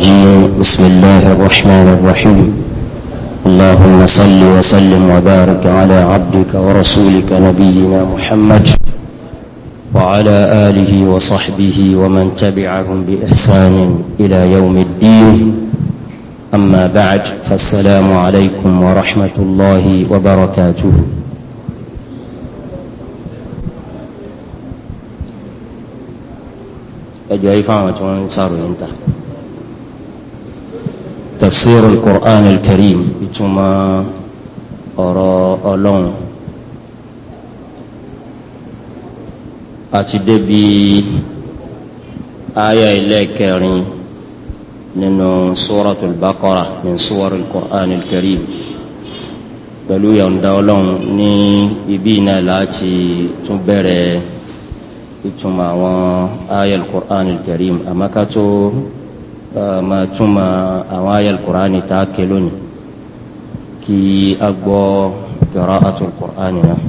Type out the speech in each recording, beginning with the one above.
الرجيم بسم الله الرحمن الرحيم اللهم صل وسلم وبارك على عبدك ورسولك نبينا محمد وعلى آله وصحبه ومن تبعهم بإحسان إلى يوم الدين أما بعد فالسلام عليكم ورحمة الله وبركاته أجل فعمة وانصار وانتهى tafsir al-qur'an al-karim ìtumọ̀ ọ̀rọ̀ ọlọ́run àti débi aya ilé kẹrin nínú suratul baqara min suwar al-qur'an al-karim pẹ̀lú yọ̀ǹda ọlọ́run ní ibi náà láti tún bẹ̀rẹ̀ ìtumọ̀ àwọn aya al-qur'an al-karim àmọ́ ká tó ma túmọ̀ àwọn ayé alukur'ani tá a ké lónìí kí a gbọ́ qira'atu alukur'ani náà.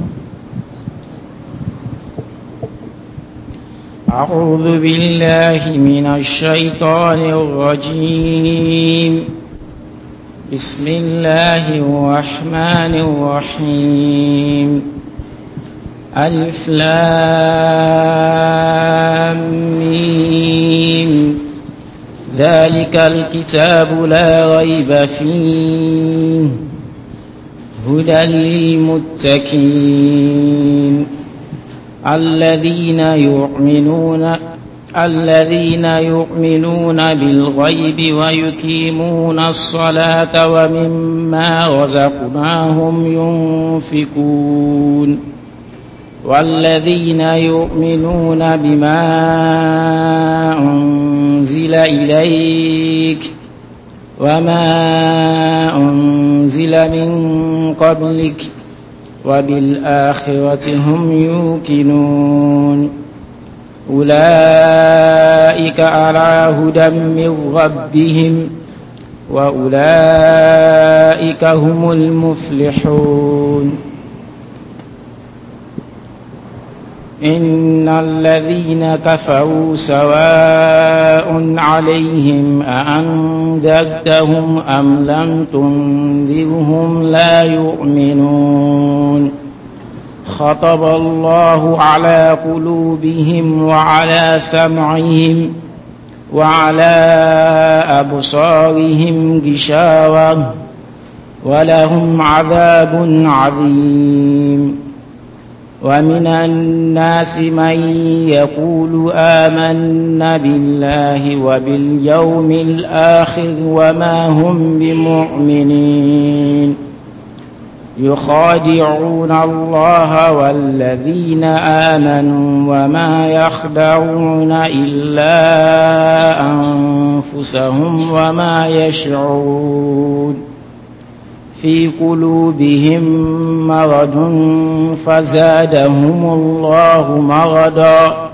أعوذ بالله من الشيطان الرجيم بسم الله الرحمن الرحيم ألف لام ميم ذلك الكتاب لا ريب فيه هدى للمتكين الذين يؤمنون الذين يؤمنون بالغيب ويقيمون الصلاة ومما رزقناهم ينفقون والذين يؤمنون بما أنفقون أنزل إليك وما أنزل من قبلك وبالآخرة هم يوقنون أولئك على هدى من ربهم وأولئك هم المفلحون إن الذين كفروا سواء عليهم أأنذرتهم أم لم تنذرهم لا يؤمنون خطب الله على قلوبهم وعلى سمعهم وعلى أبصارهم غشاوة ولهم عذاب عظيم ومن الناس من يقول آمنا بالله وباليوم الآخر وما هم بمؤمنين يخادعون الله والذين آمنوا وما يخدعون إلا أنفسهم وما يشعرون في قلوبهم مرض فزادهم الله مرضا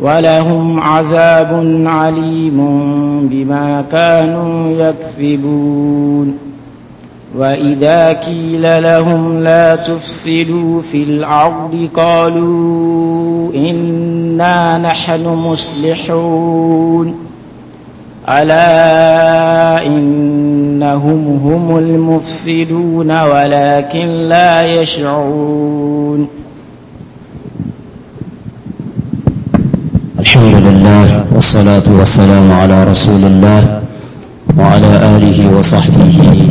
ولهم عذاب عليم بما كانوا يكذبون وإذا قيل لهم لا تفسدوا في الأرض قالوا إنا نحن مصلحون ألا إنهم هم المفسدون ولكن لا يشعرون الحمد لله والصلاة والسلام على رسول الله وعلى آله وصحبه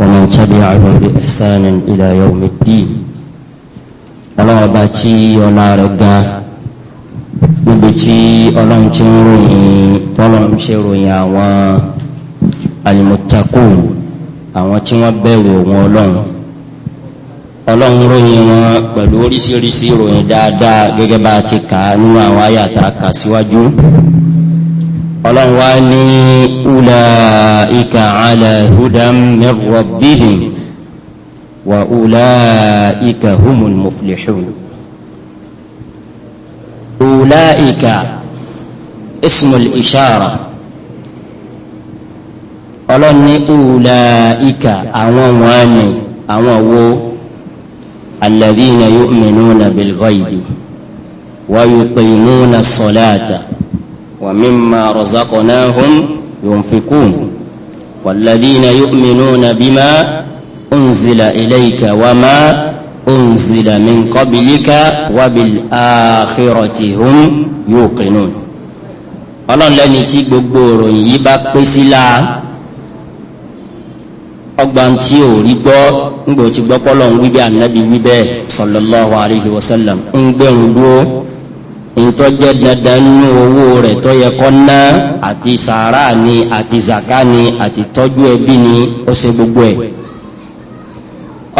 ومن تبعه بإحسان إلى يوم الدين ọlọ́ọ̀bá باتي ọlá tí ọlọ́run ti ń ròyìn tọ́lọ́run ṣe ròyìn àwọn àlùmọ̀tàkù àwọn tí wọ́n bẹ̀rù òun ọlọ́run ọlọ́run ròyìn wọn pẹ̀lú oríṣiríṣi ròyìn dáadáa gẹ́gẹ́ bá a ti kà á nínú àwọn àyàtà kà síwájú ọlọ́run wá ní ulaika ala hudam min rabbihim wa ulaika humul muflihun أولئك اسم الإشارة ولن أولئك أوان أوو الذين يؤمنون بالغيب ويقيمون الصلاة ومما رزقناهم ينفقون والذين يؤمنون بما أنزل إليك وما unzila min qablika wa bil akhirati hum yuqinun ọlọ́run lẹ́ni tí gbogbo òròyìn yìí bá pé sí la ọgbà tí ò rí gbọ́ ńgbò tí gbọ́ pọ́lọ́ ń wí bí anabi wí bẹ́ẹ̀ sallallahu alayhi wa sallam ń gbẹ̀rún dúró ntọ́jẹ́ dandan nínú owó rẹ̀ tó yẹ kọ́ ná àti sàárà ni àti zaka ni àti tọ́jú ẹbí ni ó ṣe gbogbo ẹ̀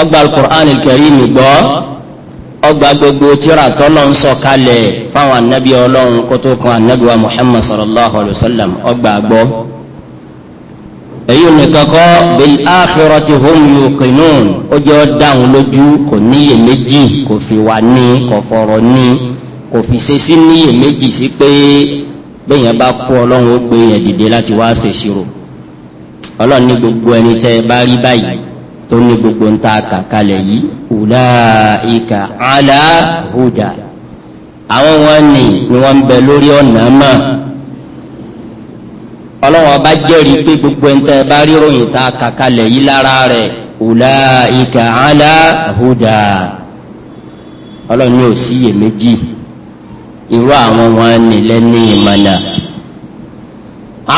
ọgbà alukur'an kẹrìmì gbọ́ ọgbà gbogbo tíra tọ́lọ̀ ń sọ kalẹ̀ fáwọn anabi ọlọ́run kótó kan anabi wa muhammad sallallahu alayhi wa sallam ọgbà gbọ́ èyí nìkan kọ́ bil akhirati hum yuqinun ó jẹ́ ọ́ dáhùn lójú kò níyè méjì kò fi wà ní kò fọ̀rọ̀ ní kò fi ṣe sí níyè méjì sí pé bẹ́yẹn bá kú ọlọ́run ó gbé yẹn dìde láti wá ṣèṣirò ọlọ́run ní gbogbo ẹni tẹ́ ẹ bá rí báyìí tó ní gbogbo ń ta kàkalẹ̀ yìí ulaika ala huda àwọn wọn ni ni wọn ń bẹ lórí ọ̀nà mọ́ ọlọ́wọ́n ọba jẹ́rìí pé gbogbo ń tẹ́ bá ríròyìn ta kàkalẹ̀ yìí lára rẹ̀ ulaika ala huda ọlọ́run yóò síyè méjì irú àwọn wọn ni lẹ́ni ìmọ̀nà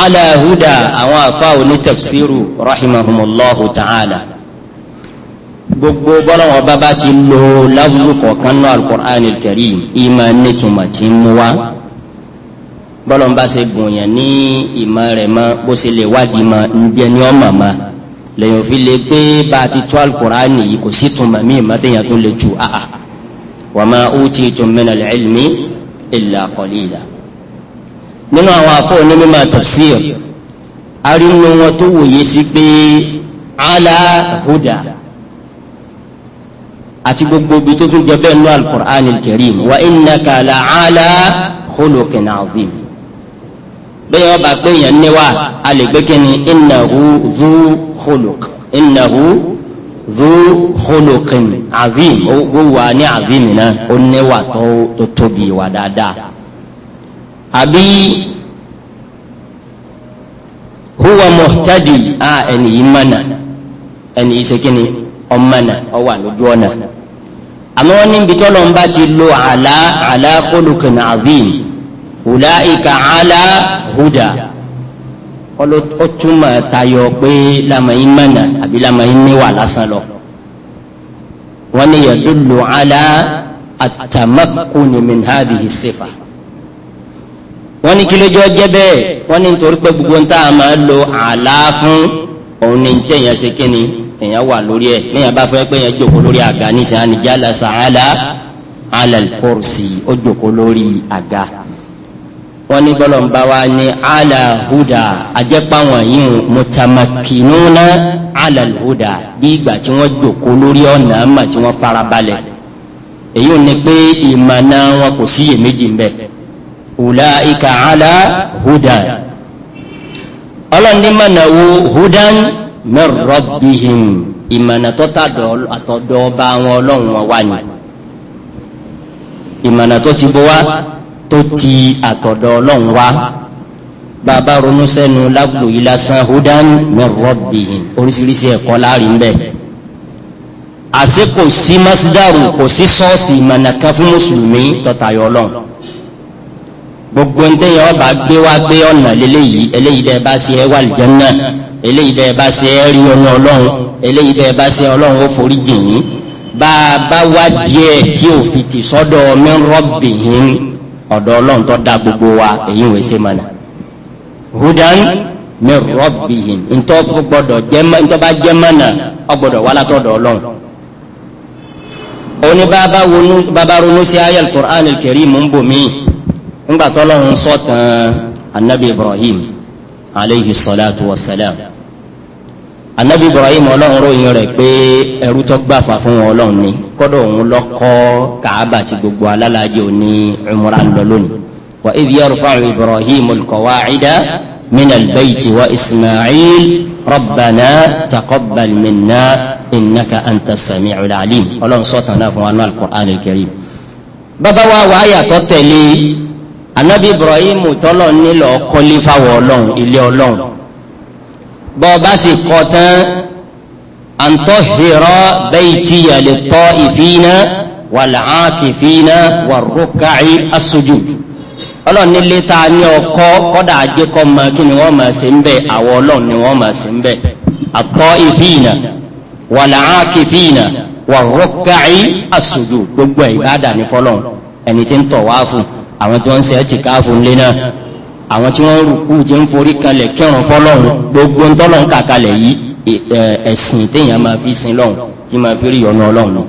ala huda àwọn afa onítafsiru rahimahumullahu ta'ala gbogbo bọ́lọ́wọ́ bábá ti lo láwùjọ kọ̀ọ̀kan náà alukur'anil karim ìmọ̀ nítumọ̀ tí ń mú wa bọ́lọ́n bá ṣe gbòòyàn ní ìmọ̀ rẹ̀ mọ́ bó ṣe lè wádìí mọ́ níbi ẹni ọmọ mọ́ lẹ́yìn òfin lè pé bá a ti tó alukur'ani yìí kò sí tuma mí ìmọ̀ tẹ̀yàn tó lè ju àà wa ma utitum minal ilmi illa qalila. nínú àwọn afọ onímọ̀ tafsir arínú wọn tó wòye sí pé ala huda àti gbogbo ibi tó tún jẹ bẹ́ẹ̀ nínú al-Qur'an al-Karim wa innaka la'ala khuluqin azim bẹ́ẹ̀ ọba pé yẹn níwá a lè gbé kíni innahu zu khuluq innahu zu khuluqin azim ó ní azim náà ó níwá tó tóbi wà dáadáa àbí huwa muhtadi a ẹni yìí mánà ẹni yìí sẹ́kìnni ọmọ náà ọwà lójú ọ̀nà àmọ́ wọ́n níbi tọ́lọ̀ ń bá ti lo àlá àlá khuluqin azim ulaika ala huda ó túmọ̀ tayọ pé lámà yín mọ̀nà àbí lámà yín níwà lásán lọ. wọ́n ní yadullu ala at-tamakkuni min hadhihi sifa. wọ́n ní kílódé ọjẹ́ bẹ́ẹ̀ wọ́n ní nítorí pé gbogbo ń tá a máa lo àlá fún òun ní jẹ́yìn ẹsẹ̀ kínní èèyàn wà lórí ẹ̀ lẹ́yìn bá fẹ́ pé yẹn jòkó lórí àga níṣẹ́ ànijála sàálà alàlùkọ́rọ̀sì ó jòkó lórí àga wọ́n ní bọ́lọ̀ ń bá wa ní alahuda ajẹ́pàwọ̀n yìí mutamakinuna alahuda bí ìgbà tí wọ́n jòkó lórí ọ̀nà àmà tí wọ́n farabalẹ̀ èyí ni pé ìmọ̀nà wọn kò sí iyèméjì ń bẹ ulaika alahuda ọlọ́ọ̀ni mọ̀nà wo hudan min rabbihim ìmọ̀nà tó ta àtọ̀dọ̀ ọba wọn ọlọ́run wọn wá ni ìmọ̀nà tó ti bọ́ wá tó ti àtọ̀dọ̀ ọlọ́run wá bàbá ronú sẹ́nu lágbo yìí lásán hudan min oríṣiríṣi ẹ̀kọ́ láàrin bẹ́ẹ̀ àṣẹ sí masdaru kò sí sọ́ọ̀sì ìmọ̀nà kan fún mùsùlùmí tó ọlọ́run gbogbo ń tẹ́yìn ọba gbé wá pé ọ̀nà lélẹ́yìí eléyìí dẹ́ bá ṣe é wà lìjẹ́nà eléyìí dẹ́ bá ṣe é rí ọ̀nà ọlọ́run eléyìí dẹ́ bá ṣe ọlọ́run ó forí jìn yín bá a bá wá díẹ̀ tí ò fi ti sọ́dọ̀ min rabbihim ọ̀dọ̀ ọlọ́run tó dá gbogbo wa èyí wò ṣe mọ̀nà. hudan min rabbihim ntọ́ gbọ́dọ̀ jẹ́ ntọ́ bá jẹ́ mọ̀nà ọgbọ́dọ̀ wà látọ̀dọ̀ ọlọ́run oni baba wonu baba ronú sí ayé quran al-Karim ń ńgbà tọ́lọ́run sọ tán anabi ibrahim aleyhi salatu wa salam anabi ibrahim ọlọ́run ròyìn rẹ̀ pé ẹrú tó gbàfà fún wọn ọlọ́run ni kọ́dọ̀ òun lọ́kọ́ kàábà tí gbogbo alálàájẹ òní umra ń lọ lónìí wa idh yarfa'u ibrahim al-qawa'ida min al wa isma'il rabbana taqabbal minna innaka anta as-sami'ul ọlọ́run sọ náà fún wa ní al-Qur'an al wàá yàtọ̀ tẹ̀lé anabi ibrahim tọ́lọ̀ nílò kọ́lé fáwọn ọlọ́run ilé ọlọ́run bọ́ ọba sì kọ́ tán antọ́hìrọ́ baytiya lit-ta'ifina wal-aakifina war-ruk'i as-sujud ọlọ́run nílé tá a ní ọkọ́ kọ́dà ajé kọ́ ma kí ni wọ́n máa ṣe ń àwọn ọlọ́run ni wọ́n máa ṣe ń bẹ̀ at-ta'ifina wal-aakifina war-ruk'i as gbogbo ẹ̀ ìbáàdà ní fọlọ́run ẹni tí ń tọ̀ wá fún un àwọn tí wọ́n ń ṣe ẹ̀tì káàfù ńlé náà àwọn tí wọ́n rúkú jẹ́ ń forí kalẹ̀ kẹrùn fọlọ́run gbogbo ń tọ́lọ́ ń kà kalẹ̀ yìí ẹ̀sìn téèyàn máa fi sin lọ́hùn tí máa fi rí ọ̀nà ọlọ́run lọ.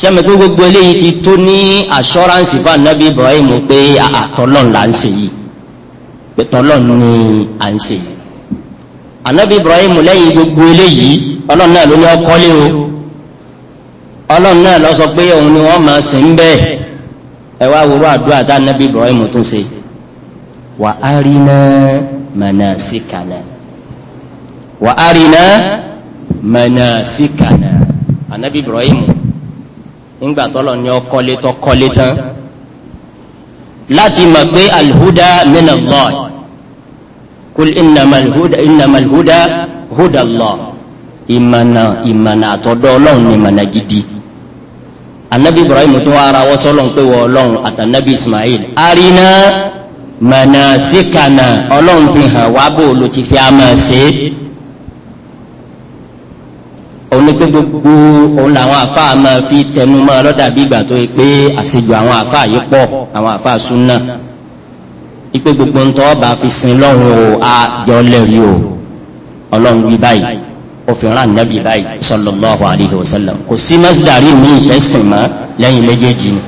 sẹ́mi pé gbogbo eléyìí ti tó ní assurance fún anabi ibrahim pé àtọ́lọ́run là ń ṣe yìí pé tọ́lọ́run ni à ń ṣe yìí. anabi ibrahim lẹ́yìn gbogbo eléyìí ọlọ́run náà ló ní ọkọ́lé o ọlọ́run náà lọ sọ pé òun ni wọ́n máa sìn bẹ́ẹ̀ ẹ wá wúrọ àdúrà tá anabi ibrahim tún ṣe wà á rí ná manasikana wà á rí ná manasikana anabi ibrahim ńgbà tọ́lọ̀ ní ọkọ́lé tọ́ kọ́lé tán láti mọ̀ pé alhuda min Allah kul innamal huda huda Allah ìmọ̀nà ìmọ̀nà àtọ̀dọ̀ ọlọ́run ni ìmọ̀nà gidi anabi ibrahim tó wá ara wọ́sọ́ lọ́n pé wọ́n ọlọ́run àtànabi ismail arina manasikana ọlọ́run fi hàn wá bò ló ti fi àmà ṣe é òun pé gbogbo òun làwọn àfa máa fi tẹnu máa lọ́dà bí ìgbà tó yẹ pé àṣejù àwọn àfa yìí pọ̀ àwọn àfa súnà ipe gbogbo ń ọba fi sin lọ́hùn o àjọ lẹ́rìí o ọlọ́run wí báyìí òfin rán nàbì báyìí sallallahu alayhi wa sallam kò sí masdari mi ìfẹ́ sìn mọ́ lẹ́yìn méjèèjì ni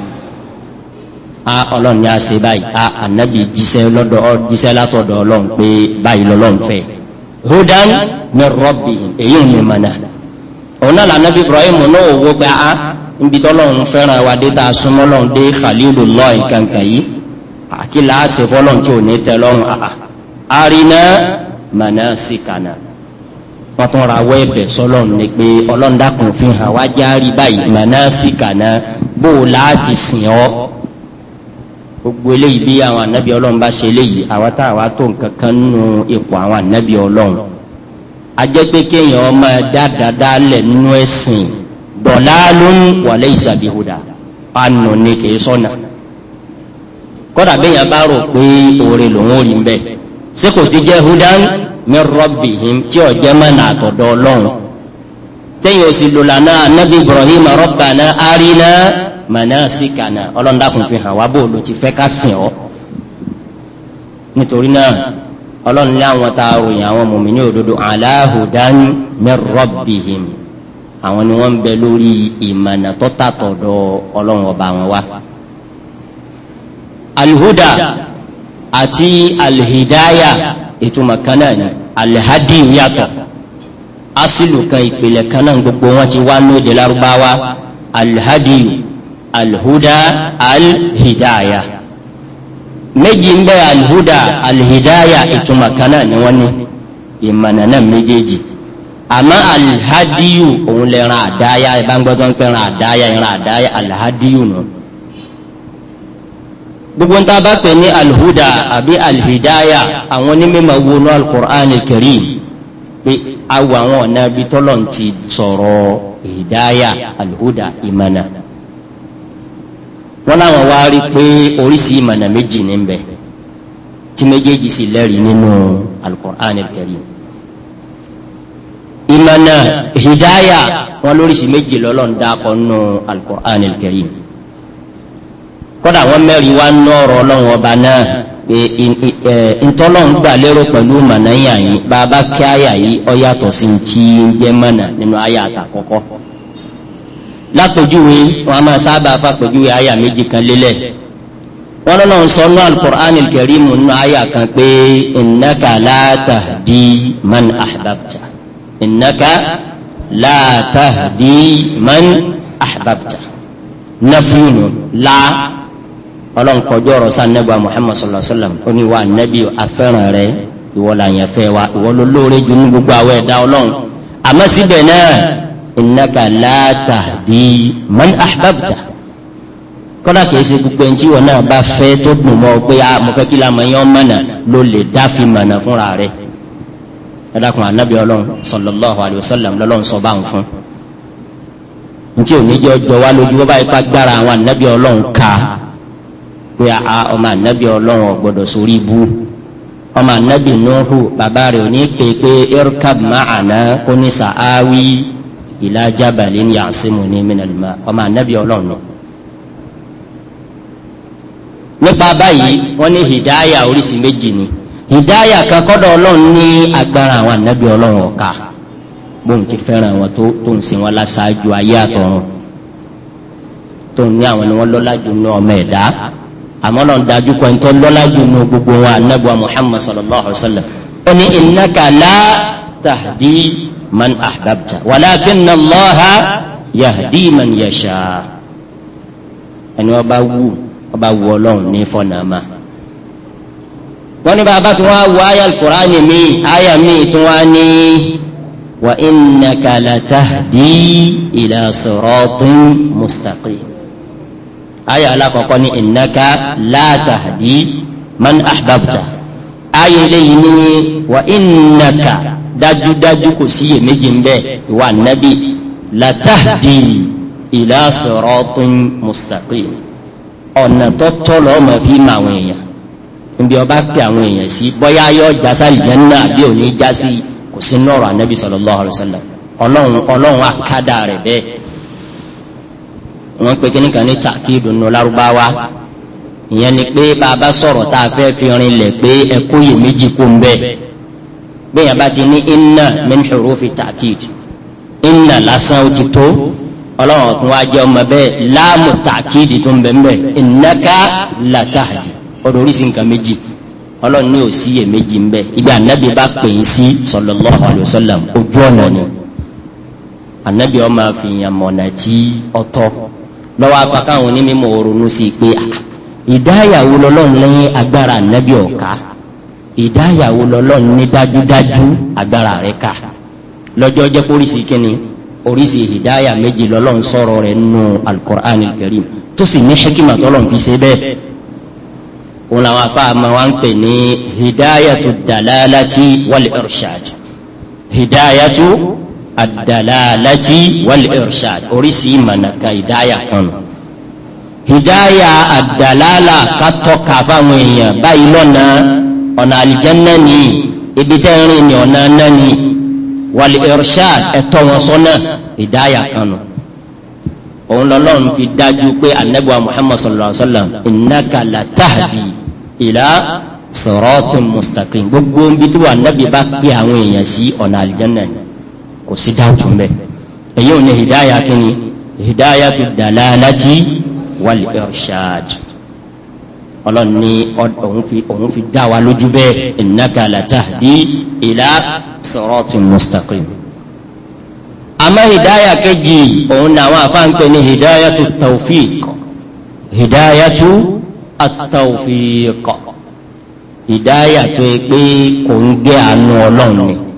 a ọlọ́run ní a ṣe báyìí a ànábì jíṣẹ́ lọ́dọ̀ ọ jíṣẹ́ látọ̀dọ̀ ọlọ́run pé báyìí lọ́lọ́run fẹ́ hudan min rabbihim èyí ò ní mọ̀nà òun náà lànàbì Ibrahim náà ò wó pé a níbi tọ́lọ́run fẹ́ràn wa dé tá a súnmọ́ lọ́run dé kankan yìí àkìlà á ṣe fọ́lọ́run tí ò ní tẹ́ lọ́run àà àrìnà mọ̀nà wọ́n tún ra awọ́ ẹ̀bẹ̀ sọ́lọ́run ni pé ọlọ́run dákun fi hàn wá járí báyìí mọ̀násìkànà bó o láti sìn ọ́ gbogbo eléyìí bí àwọn ànábì ọlọ́run bá ṣe eléyìí àwọn tá àwa tó nǹkan kan nínú ipò àwọn ànábì ọlọ́run ajẹ́pẹ́ ọmọ dáadáa lẹ̀ nínú ẹ̀sìn dọ̀lá ló ń wọlé ìsàbíhùdà ni kì í sọ́nà kọ́dà bẹ́yàn pé oore lòun rí ń ṣé kò ti jẹ́ hudan min rabbihim tí ó jẹ́ mọ́nà àtọ̀dọ̀ ọlọ́run tẹ́yìn ó sì lòlànà anabi ibrahim rabbana arina manasikana ọlọ́ndàkùn fi hàn wá bó ló ti fẹ́ ká sìn ọ́ nítorí náà ọlọ́run ní àwọn tá a ròyìn àwọn mòmìnir òdodo ala hudan min rabbihim àwọn ni wọ́n ń lórí ìmọ̀nà tó tàtọ̀dọ̀ ọlọ́run ọba wọn wá. alhuda àti alhidaya ìtumọ̀ kan náà ni alihadi yàtọ̀ asilu kan ìpìlẹ̀ kan náà gbogbo wọn ti wá ní èdè Lárúbáwá alihadi alihuda alihidaya méjì ń bẹ alihuda alihidaya ìtumọ̀ kan náà ni wọ́n ní ìmọ̀nà náà méjèèjì àmọ́ alihadiyu òun lè ran àdáyà ìbá ń gbọ́dọ̀ ń pẹ́ ran àdáyà ìran àdáyà alihadiyu nù. No gbogbo ń ta bá pè ní alhuda àbí alhidaya àwọn onímọ̀ wọnú alukur'an karim pé awọ àwọn ọ̀nà ibi tọ́lọ̀ ń ti sọ̀rọ̀ hidaya alhuda ìmọ̀nà wọn làwọn wá rí pé oríṣi ìmọ̀nà méjì ní bẹ̀ tí méjèèjì sì lẹ́rìí nínú alukur'an karim ìmọ̀nà hidaya wọn lóríṣi méjì lọ́lọ́ ń dákọ̀ nínú alukur'an karim kódà wọn mẹ́rin wá ná ọ̀rọ̀ Ọlọ́run ọba náà pé ntọ́lọ́run gbà lérò pẹ̀lú mànáyà yìí bàbá kí àyà yìí ọ yàtọ̀ sí ti ń jẹ́ mọ̀nà nínú àyà àtàkọ́kọ́ lápèjúwe wọn a máa sábà fàpèjúwe àyà méjì kan lélẹ̀ wọn lọ́nà ń sọ nú alukur'an kẹrìmù nú àyà kan pé innaka la tahdi man ahbabta innaka la tahdi man ahbabta nafiyunu la ọlọ́run kọjọ́ ọ̀rọ̀ sá nẹ́bà muhammad sallallahu alayhi wa sallam ó ní wa nẹ́bí afẹ́ràn rẹ ìwọ là yẹn fẹ́ wa ìwọ ló lóore jù ní gbogbo àwọn ẹ̀dá ọlọ́run àmọ́ síbẹ̀ náà innaka la tahdi man ahbabta kọ́dà kìí ṣe gbogbo ẹni tí wọn náà bá fẹ́ tó dùn mọ́ pé a ah, mọ̀ fẹ́ kí la mọ̀ yẹn mọ̀nà ló lè dá fi mọ̀nà fúnra rẹ̀ ẹ̀dàkùn anábì pé a ọmọ anabi ọlọ́run ọ̀gbọ́dọ̀ sórí ibú ọmọ anabi nuhu bàbá rẹ̀ òní pé pé irkab ma'ana kó ní sàáwí ìlà jabalin ya'simuni minal ma ọmọ anabi ọlọ́run náà nípa báyìí wọ́n ní hidaya oríṣi méjì ni hidaya kan ọlọ́run ní agbára àwọn ànábì ọlọ́run ọ̀ka bóun ti fẹ́ràn wọn tó tó ń sin wọn láṣáájú ayé àtọ̀run tó ní àwọn ni wọ́n lọ́lá jù ní ọmọ ẹ̀dá àmọ́ lọ́n dájú kọ́ ẹ̀ńtọ́ lọ́lájú nu gbogbo wa anábùa muhammad sallallahu alayhi wa sallam ó ní innaka la tahdi man ahbabta walakinna allaha yahdi man yasha ẹni wọ́n bá wù wọ́n bá wù ọlọ́run ní fọ́nàmà wọ́n ní bàbá tí wọ́n wọ ayé alukur'ani mi ayé mi tí wọ́n ní wa innaka la tahdi ila siratin mustaqim ayé alákọ̀ọ́kọ́ ní innaka la tahdi man ahbabta ayé eléyìí ní wa innaka dájúdájú kò síyè méjì ń bẹ ìwà nábì la tahdi ila siratin mustaqim ọ̀nà tó tọ́ lọ́ọ́ mọ̀ fi mà àwọn èèyàn níbi ọba pè àwọn èèyàn sí bóyá yọ jásá lìyànnà àbí òní jásí kò sí nọ́ọ̀rọ̀ ànábì sallallahu alaihi wasallam ọlọ́run ọlọ́run wọ́n pe kíní kan ní takidu nù lárúbáwá ìyẹn ni pé bàbá sọ̀rọ̀ tá a fẹ́ fi rin lẹ̀ pé ẹkú yìí méjì kó ń bẹ́ẹ̀ bẹ́ẹ̀ yẹn bá ti ní inna min hurufi takid inna lásán ó ti tó ọlọ́run tún wáá jẹ́ ọmọ bẹ́ẹ̀ láàmú takid tó ń bẹ́ẹ̀ mbẹ́ innaka latahdi ọdún oríṣi nǹkan méjì ọlọ́run ní ò sí iye méjì mbẹ́ ibi ànábì bá pè é sí sallallahu alayhi wa sallam ojú ọ̀nà ni ànábì ọmọ àfihàn mọ̀nà lọ́wọ́ afakáwọn onímọ̀ òrònú sí i pé ah, ìdáyàwó lọ́lọ́run lẹ́yìn agbára ànábì ọ̀ka ìdáyàwó lọ́lọ́run ní dájúdájú agbára rẹ̀ ká lọ́jọ́ jẹ́ póríṣi kínní oríṣi ìdáyà méjì lọ́lọ́run sọ̀rọ̀ rẹ̀ nù alukur'an karim tó sì ní hekima tọ́lọ́run fi ṣe bẹ́ẹ̀ òun làwọn afáàmà wa ń pè ní hidayatu dalalati wal irshad hidayatu àdàlálàjì wal irshad oríṣi ìmọ̀nàkà ìdáyà kan nù hidaya àdàlálà kátọ́ka fáwọn èèyàn báyìí lọ́nà ọ̀nà àlìjẹ́nà ni ibi tẹ́ ń rìn ní ọ̀nà náà ni wal irshad ẹ̀tọ́ wọn sọ́nà ìdáyà kan nù òun lọ́lọ́run fi dájú pé anabiwa muhammad sallallahu alaihi wa sallam innaka latahdi ila siratin mustaqim gbogbo nbí tí wà anabi bá pè àwọn èèyàn sí ọ̀nà àlìjẹ́nà ni kò sí dáàtù mẹ́ èyí ò ní hidaya kíni hidaya tu dalalati wal irshad ọlọ́run ní òun fi òun fi dá wa lójú bẹ́ẹ̀ innaka latahdi ila siratin mustaqim àmọ́ hidaya kejì òun náà wọn ní hidaya tu tawfiq hidaya tu at hidaya tó yẹ pé kò ń gé àánú ọlọ́run ni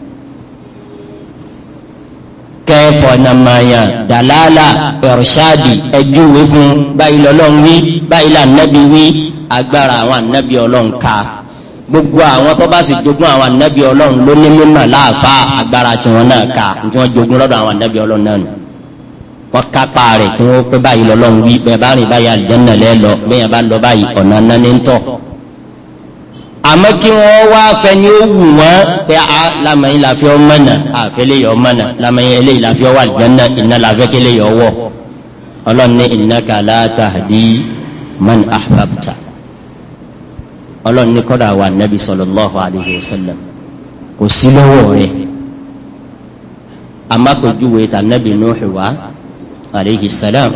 kẹfọ namaya dalala ẹrọṣadi ẹjúwe fún báyìí lọ́lọ́run wí báyìí lànàbí wí agbára àwọn ànàbí Ọlọ́run ká gbogbo àwọn tó bá sì jogún àwọn ànàbí Ọlọ́run ló ní mímọ̀ láàfá agbára tiwọn náà ká tí wọn jogún lọ́dọ̀ àwọn ànàbí Ọlọ́run náà nù wọn kápá rẹ kí wọn pé báyìí lọ́lọ́run wí bẹ́ẹ̀ bá rìn báyìí àlùjẹ náà lẹ lọ bẹ́ẹ̀ bá lọ báyìí ọ̀nà náà ní ń tọ̀ àmọ́ kí wọ́n wá pẹni ó wù wọ́n pé a lámàáyí láfí ọmọ náà àfẹ́lẹ́ yọ ọmọ náà lámàáyí eléyìí láfí ọwọ́ àlùjànnà iná láfẹ́ kí eléyìí ọwọ́ ọlọ́run ní innaka la tahdi man ahbabta ọlọ́run ní kọ́dà wà nábì sallallahu alayhi wa sallam kò sí lọ́wọ́ rẹ̀ àmọ́ kò júwe tà nábì Nuhu wa alayhi salam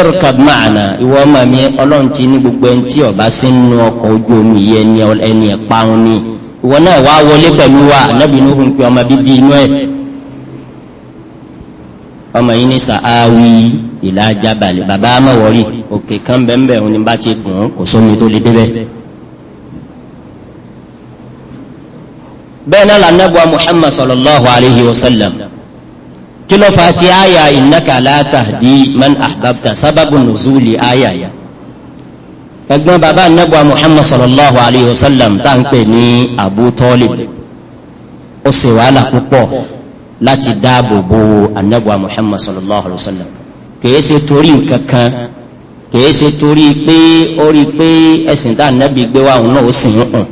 irkab ma'ana ìwọ ọmọ mi ọlọ́run ti ní gbogbo ẹni tí ọba sí nínú ọkọ̀ ojú omi yẹ ẹni ẹni ẹ̀parun ni ìwọ náà wá wọlé pẹ̀lú wa anábì inú hun pé ọmọ bíbí inú ẹ̀ ọmọ yìí ní sàáwí ìlà jábàlẹ̀ bàbá amọ̀wọ́rì òkè kan bẹ́ẹ̀ òní bá ti gùn kò sómi tó lè débẹ̀. bẹ́ẹ̀ náà lànà bua Muhammad sallallahu alayhi wa sallam kí ló fa ti àyà innaka la tahdi man ahbabta sábàbù nùzúlì àyà yà ẹ̀gbọ́n bàbá anábọ̀ muhammad sallallahu alayhi wa sallam tá à ń pè ní abu talib ó sì wàhálà púpọ̀ láti dáàbò bo anábọ̀ muhammad sallallahu alayhi wa sallam kìí ṣe torí nǹkan kìí ṣe torí pé ó rí i pé ẹ̀sìn tá ànábì gbé wa òun náà ó sì ń hàn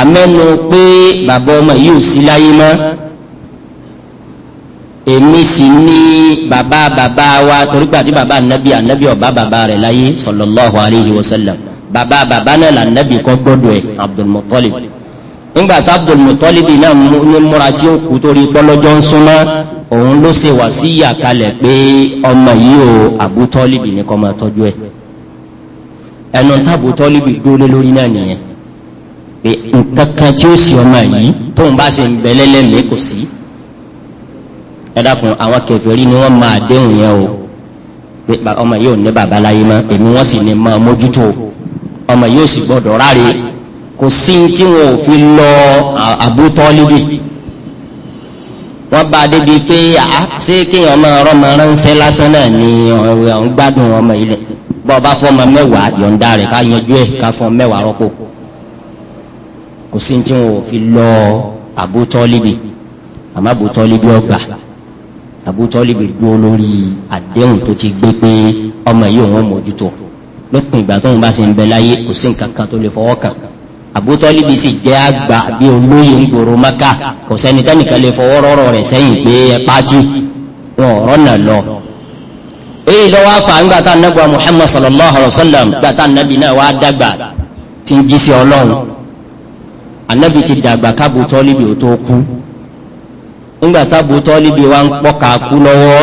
àmẹ́nu pé bàbá ọmọ yìí ò sí láyé mọ́ èmi sì ní bàbá bàbá wa torí pé àti bàbá anabi anabi ọba bàbá rẹ̀ láyé sallallahu alayhi wa sallam bàbá bàbá náà là anabi kọ́ gbọ́dọ̀ ẹ̀ abdulmutalib nígbà tá abdulmutalib náà ní múra tí ó kú torí pọ́lọ́jọ́ ń súnmọ́ òun ló ṣe wàsíyà kalẹ̀ pé ọmọ yìí o abutọ́lib ní kó máa tọ́jú ẹ̀ ẹnu tábùtọ́lib dúró lórí náà nìyẹn pé nǹkan kan tí ó sì ọmọ yìí tóun bá ṣe ń bẹ lẹ́lẹ́mìí kò sí ẹ dákun àwọn kèfèrí ni wọ́n máa déhùn yẹn o pé ọmọ yìí ò ní bàbá láyé mọ́ èmi wọ́n sì ní máa mójútó ọmọ yìí sì gbọ́dọ̀ ráre kò sí tí wọn ò fi lọ Abu Tọ́líbì wọ́n bá a débi pé a ah, ṣé kéèyàn máa rọ́mọ ránṣẹ́ lásán náà ni ọ̀hún gbádùn ọmọ ilẹ̀ bọ́ ọ bá fọmọ mẹ́wàá yọ̀ǹda rẹ̀ ká yanjú ẹ̀ ká fọ mẹ́wàá rọ́pò kò sí tí wọn ò fi lọ Abu Tọ́líbì àmọ́ Abu Tọ́líbì ọgbà abutọ́líbi dúró lórí àdéhùn tó ti gbé pé ọmọ yìí òun mójútó lópin ìgbà tóun bá ṣe ń bẹ láyé kò sí nǹkan kan tó lè fọwọ́ kàn abutọ́líbi sì jẹ́ àgbà bí olóyè ń gbòòrò maka kò sẹ́ni tẹ́nìkan lè fọwọ́ rọ́rọ́ rẹ̀ sẹ́yìn pé ẹ pátí wọn ò rọ́nà lọ. èyí lọ́wọ́ afa ńgbà tá nàbọ̀ Muhammad sallallahu alayhi wa sallam gbà tá nàbì náà wàá dàgbà tí ń jí sí ọlọ́run ànábì ti dàgbà kábùtọ́líbi ò tó kú nígbà tábù tọ́líbi wa ń pọ́ka kú lọ́wọ́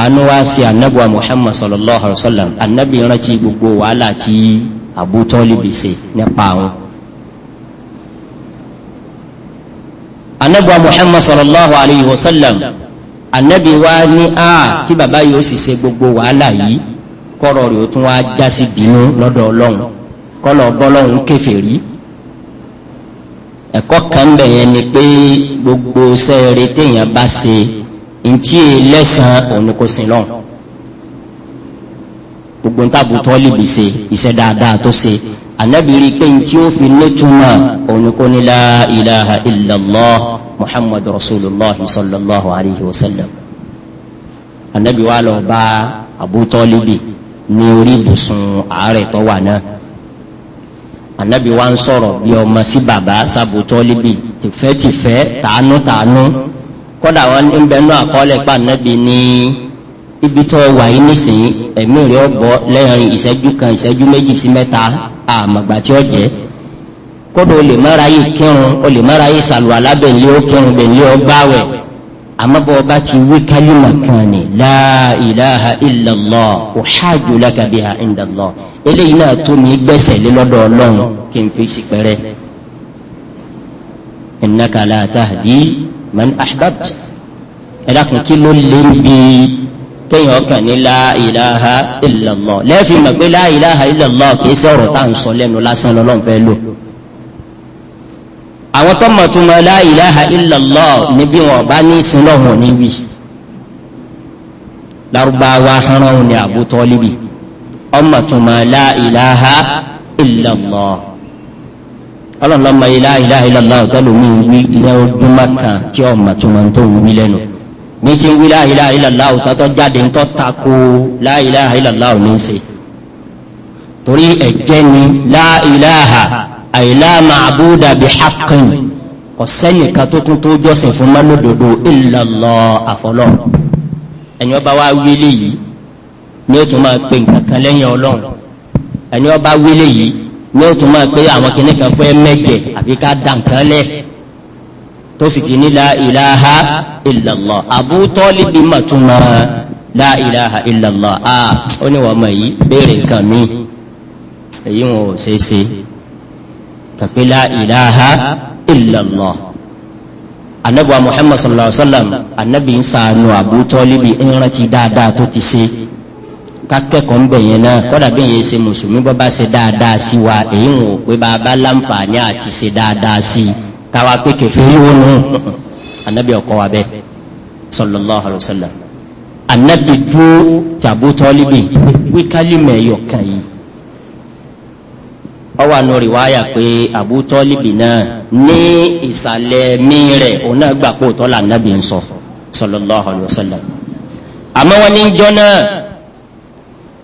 àánú wa sí anabuwa muhammad sallallahu alayhi wa sallam anabi rántí gbogbo wàhálà tí abu tọ́líbi ṣe nípa àwọn. anabuwa muhammad sallallahu alayhi wa sallam anabi wa ní a kí baba yóò sì ṣe gbogbo wàhálà yìí kọ́rọ̀ rẹ̀ ó tún wá já bínú lọ́dọ̀ ọlọ́run kọ́lọ̀ bọ́lọ́run kèfèrí ẹ̀kọ́ kan bẹ̀ yẹn ni pé gbogbo sẹ́ẹ̀rẹ̀ téèyàn bá ṣe ntí lẹ́sàn òun kò sí lọ́n gbogbo ntàbù tọ́lìbì ṣe iṣẹ́ dáadáa tó ṣe ànábì rí i pé ntí ó fi létúmọ̀ òun kò ní la ilaha illallah muhammadu rasulillah sallallahu alayhi wa sallam ànábì wa lọ bá Abu Tọ́lìbì ní orí ibùsùn àárẹ̀ tó wà náà anabi wa ń sọ̀rọ̀ bí ọmọ sí baba sabutọlibi tìfẹ́tìfẹ́ tàánú tàánú kódà wọn ń bẹ nú àkọọ́lẹ̀ pa anabi ní ibi tó wà yín nísìnyí ẹ̀mí rẹ̀ bọ́ lẹ́yìn ìṣẹ́jú kan ìṣẹ́jú méjì sí mẹ́ta àmàgbà tí ó jẹ́ kódà o lè yìí kírun o lè mara yìí sàlùwàlá bẹ̀lí ó kírun bẹ̀lí ó gbáwẹ̀ àmọ́ bọ́ ọba ti wí kálí màkàn ni la ilaha illallah uhaju eléyìí náà tó mi gbẹ́sẹ̀ lé lọ́dọ̀ ọlọ́run kí n fi sìpẹ́rẹ́ innaka la tahdi man ahbabta ẹ dákun kí ló lé bi kéèyàn kàn ní la ilaha illallah lẹ́ẹ̀fì mọ̀ pé la ilaha illallah kì í sọ̀rọ̀ tá à ń sọ lẹ́nu lásán lọ́lọ́run fẹ́ lò àwọn tó mọ̀ tó mọ̀ la ilaha illallah níbi wọn bá ní ìsinlọ́hùn níbi Lárúbáwá hánà òun ni Abu ọmọtuma la ilaha illallah ọlọ́nlọ́mọ la ilaha illallah ọ̀tọ́lù mi wí ilẹ̀ ojúmọ́ kan tí ọmọtuma tó ń wí lẹ́nu ní ti ń wí la ilaha illallah ọ̀tọ́tọ́ jáde ńtọ́ tako la ilaha illallah ọ̀ní ṣe torí ẹ̀jẹ̀ ni la ilaha àìlá ma'buda bihaqqin ọ̀sẹ́nìkan tó tún tó jọ́sìn fún mọ́lódodo illallah àfọlọ́ ẹ̀yin ọba wa wí léyìí ní o tún máa pe nǹkan kan lẹ́yìn ọlọ́run ẹni ọba wílé yìí ní o tún máa pe àwọn kìnnì kan fún ẹ mẹ́jẹ àfi ká dà nǹkan lẹ̀ tó sì ti ní la ilaha illallah Abu Talib bí mà tún ó ní wọ́n mọ̀ yìí béèrè nǹkan mi èyí wọn ò ṣe é ṣe kàpé la ilaha illallah anabi sallallahu alaihi wa sallam anabi ń sànù Abu Talib bí ti ṣe kakẹ́kọ̀ọ́ ń bẹ̀ yẹn náà kọ́dà bí yẹn ṣe mùsùlùmí bọ́ bá ṣe dáadáa sí wa èyí ń wò pé bàbá láǹfààní àti ṣe dáadáa sí i káwa pé kẹfẹ́rí wò nù anabi ọkọ wa bẹ sallallahu alayhi wa sallam anabi dúró tàbútọ́líbi wíkálímẹ̀ yọ̀kan yìí ọwọ́ àna rìwáyà pé àbútọ́líbi náà ní ìsàlẹ̀ mí rẹ̀ òun náà gbà pé òtọ́ là anabi ń sọ sallallahu alayhi wa sallam àmọ́ wọn ní jọ náà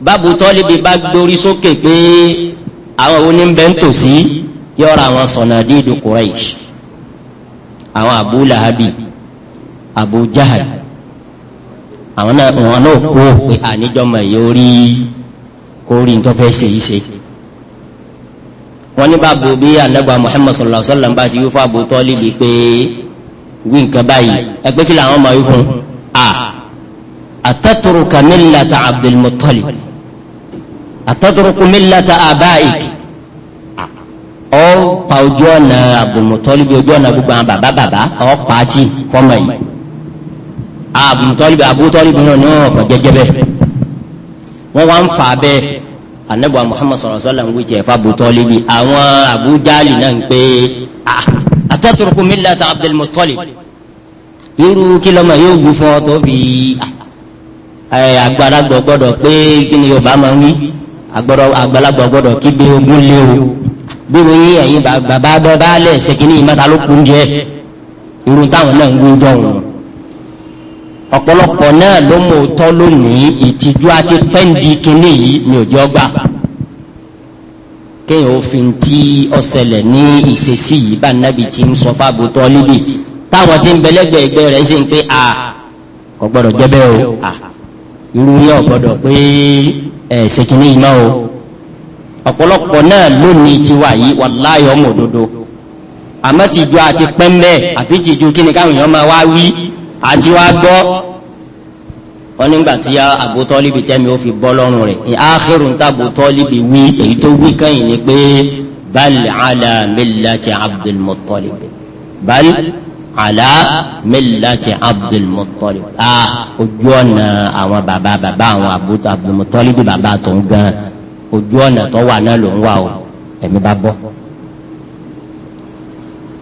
bábù tọ́líbi bá gbórí sókè pé àwọn òní ń bẹ ń tòsí yọra àwọn àwọn Abu Lahabi Abu Jahal àwọn náà wọn náà kú pé àníjọmọ yóò rí kó rí fẹ́ ṣe yìí ṣe ní bábù bí anagba Muhammad sallallahu alaihi wa sallam bá ti wí fún Abu Tọ́líbi pé wí nǹkan báyìí ẹgbẹ́ kí làwọn máa wí fún a àtẹ́tùrùkà mílàtà Abdulmuttalib àtẹ́tùrùkù mílàtà àbáyìk ọ pa ojú ọ̀nà Abdulmuttalib bí ojú ọ̀nà gbogbo àwọn bàbá bàbá ọ pàtì fọmọ yìí Abdulmuttalib Abuttalib náà ní ọ̀pọ̀ jẹjẹ anabu muhammad sallallahu alaihi wa sallam wíjẹ fábù tọ́líbi àwọn abujali náà ń pè é àtẹ́tùrùkù ah, mílàtà Abdulmuttalib irú kìlọ́mà yóò gbú fún ọ tó fi ah, àgbàlagbọ̀ gbọ́dọ̀ pé kí ni yorùbá máa ń wí àgbàlagbọ̀ gbọ́dọ̀ kí bí ogún lé o bí wọ́n yí ẹ̀yin bàbá bàbá lẹ̀ ṣèkínní ìmọ̀ta ló kún jẹ́ irú táwọn náà ń wí dọ̀hún ọ̀pọ̀lọpọ̀ náà ló mú òótọ́ lónìí ìtìjú àti pẹ́ǹdì kínní yìí ni òjò gbà kéèyàn ó fi ti ní ìṣesí yìí bá nábì tí ń sọ fáàbùtọ́ níbi táwọn tí ń bẹlẹ́gbẹ̀ẹ́gbẹ́ rẹ̀ sì ń pé a kò gbọ́dọ̀ jẹ́ bẹ́ẹ̀ o a irú yẹn ọ̀gbọ́dọ̀ pé ẹ̀ ṣèkínní yìí náà o ọ̀pọ̀lọpọ̀ náà lónìí ti wà yìí wallahi ọmọ òdodo àmọ́ ti ju àti pẹ́ńbẹ́ àbí ti kíni káwọn èèyàn máa wá wí àti wá gbọ́ wọ́n nígbà tí Abu Tọ́líbi tẹ́mi ó fi bọ́ lọ́rùn rẹ̀ ní áhẹ́rù ní Abu Tọ́líbi wí èyí tó wí kẹ́yìn ni pé bal ala millati Abdul Muttalib bal ala millati Abdul Muttalib a ojú ọ̀nà àwọn bàbá bàbá àwọn àbútọ Abdul Muttalib bàbá tó ń gan ojú ọ̀nà tó wà náà ló ń wà o ẹ̀mí bá bọ́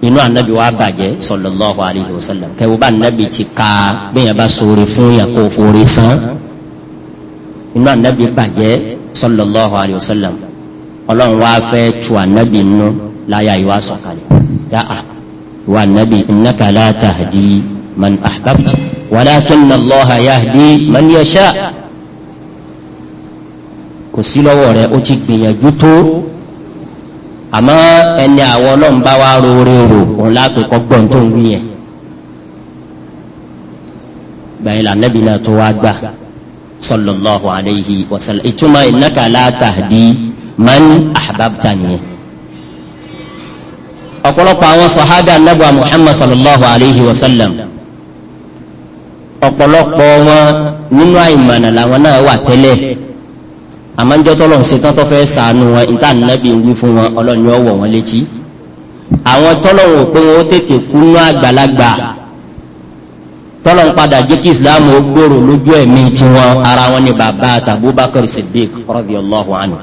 inú anabi wa bàjẹ́ sallallahu alayhi wa sallam kẹwò bá anabi ti ka gbẹ̀yìn bá sori fún yàn kó forí san inú anabi bàjẹ́ sallallahu alayhi wa sallam ọlọ́run wa fẹ́ tu anabi nù láyà yìí wa sọ̀kalẹ̀ yà wa nabi innaka la tahdi man ahbabta walakin allaha yahdi man yasha kò sí lọ́wọ́ rẹ̀ ó ti gbìyànjú tó àmọ́ ẹni àwọn ọlọ́run bá wá roore rò òun lápè kọ́ gbọ́n tó ń wí yẹn gbàyìn lànàbí náà tó wá gbà sallallahu alayhi wa sallam ìtumọ̀ innaka la tahdi man nìyẹn ọ̀pọ̀lọpọ̀ àwọn sọ̀hádà nàbà muhammad sallallahu alayhi wa sallam ọ̀pọ̀lọpọ̀ wọn nínú àìmọ̀nà làwọn náà wà tẹ́lẹ̀ àmọ́ njọ́ tọ́lọ̀ ń ṣetán tó fẹ́ sànù wọn níta nàbì ń wí fún wọn ọlọ́ni ọ̀wọ̀ wọn létí àwọn tọ́lọ̀ wò pé wọ́n tètè kúnú àgbàlagbà tọ́lọ̀ ń padà jẹ́ kí islam ó gbòòrò lójú ẹ̀mí tiwọn ara wọn ni bàbá àtàbúbakar siddiq radiyallahu anhu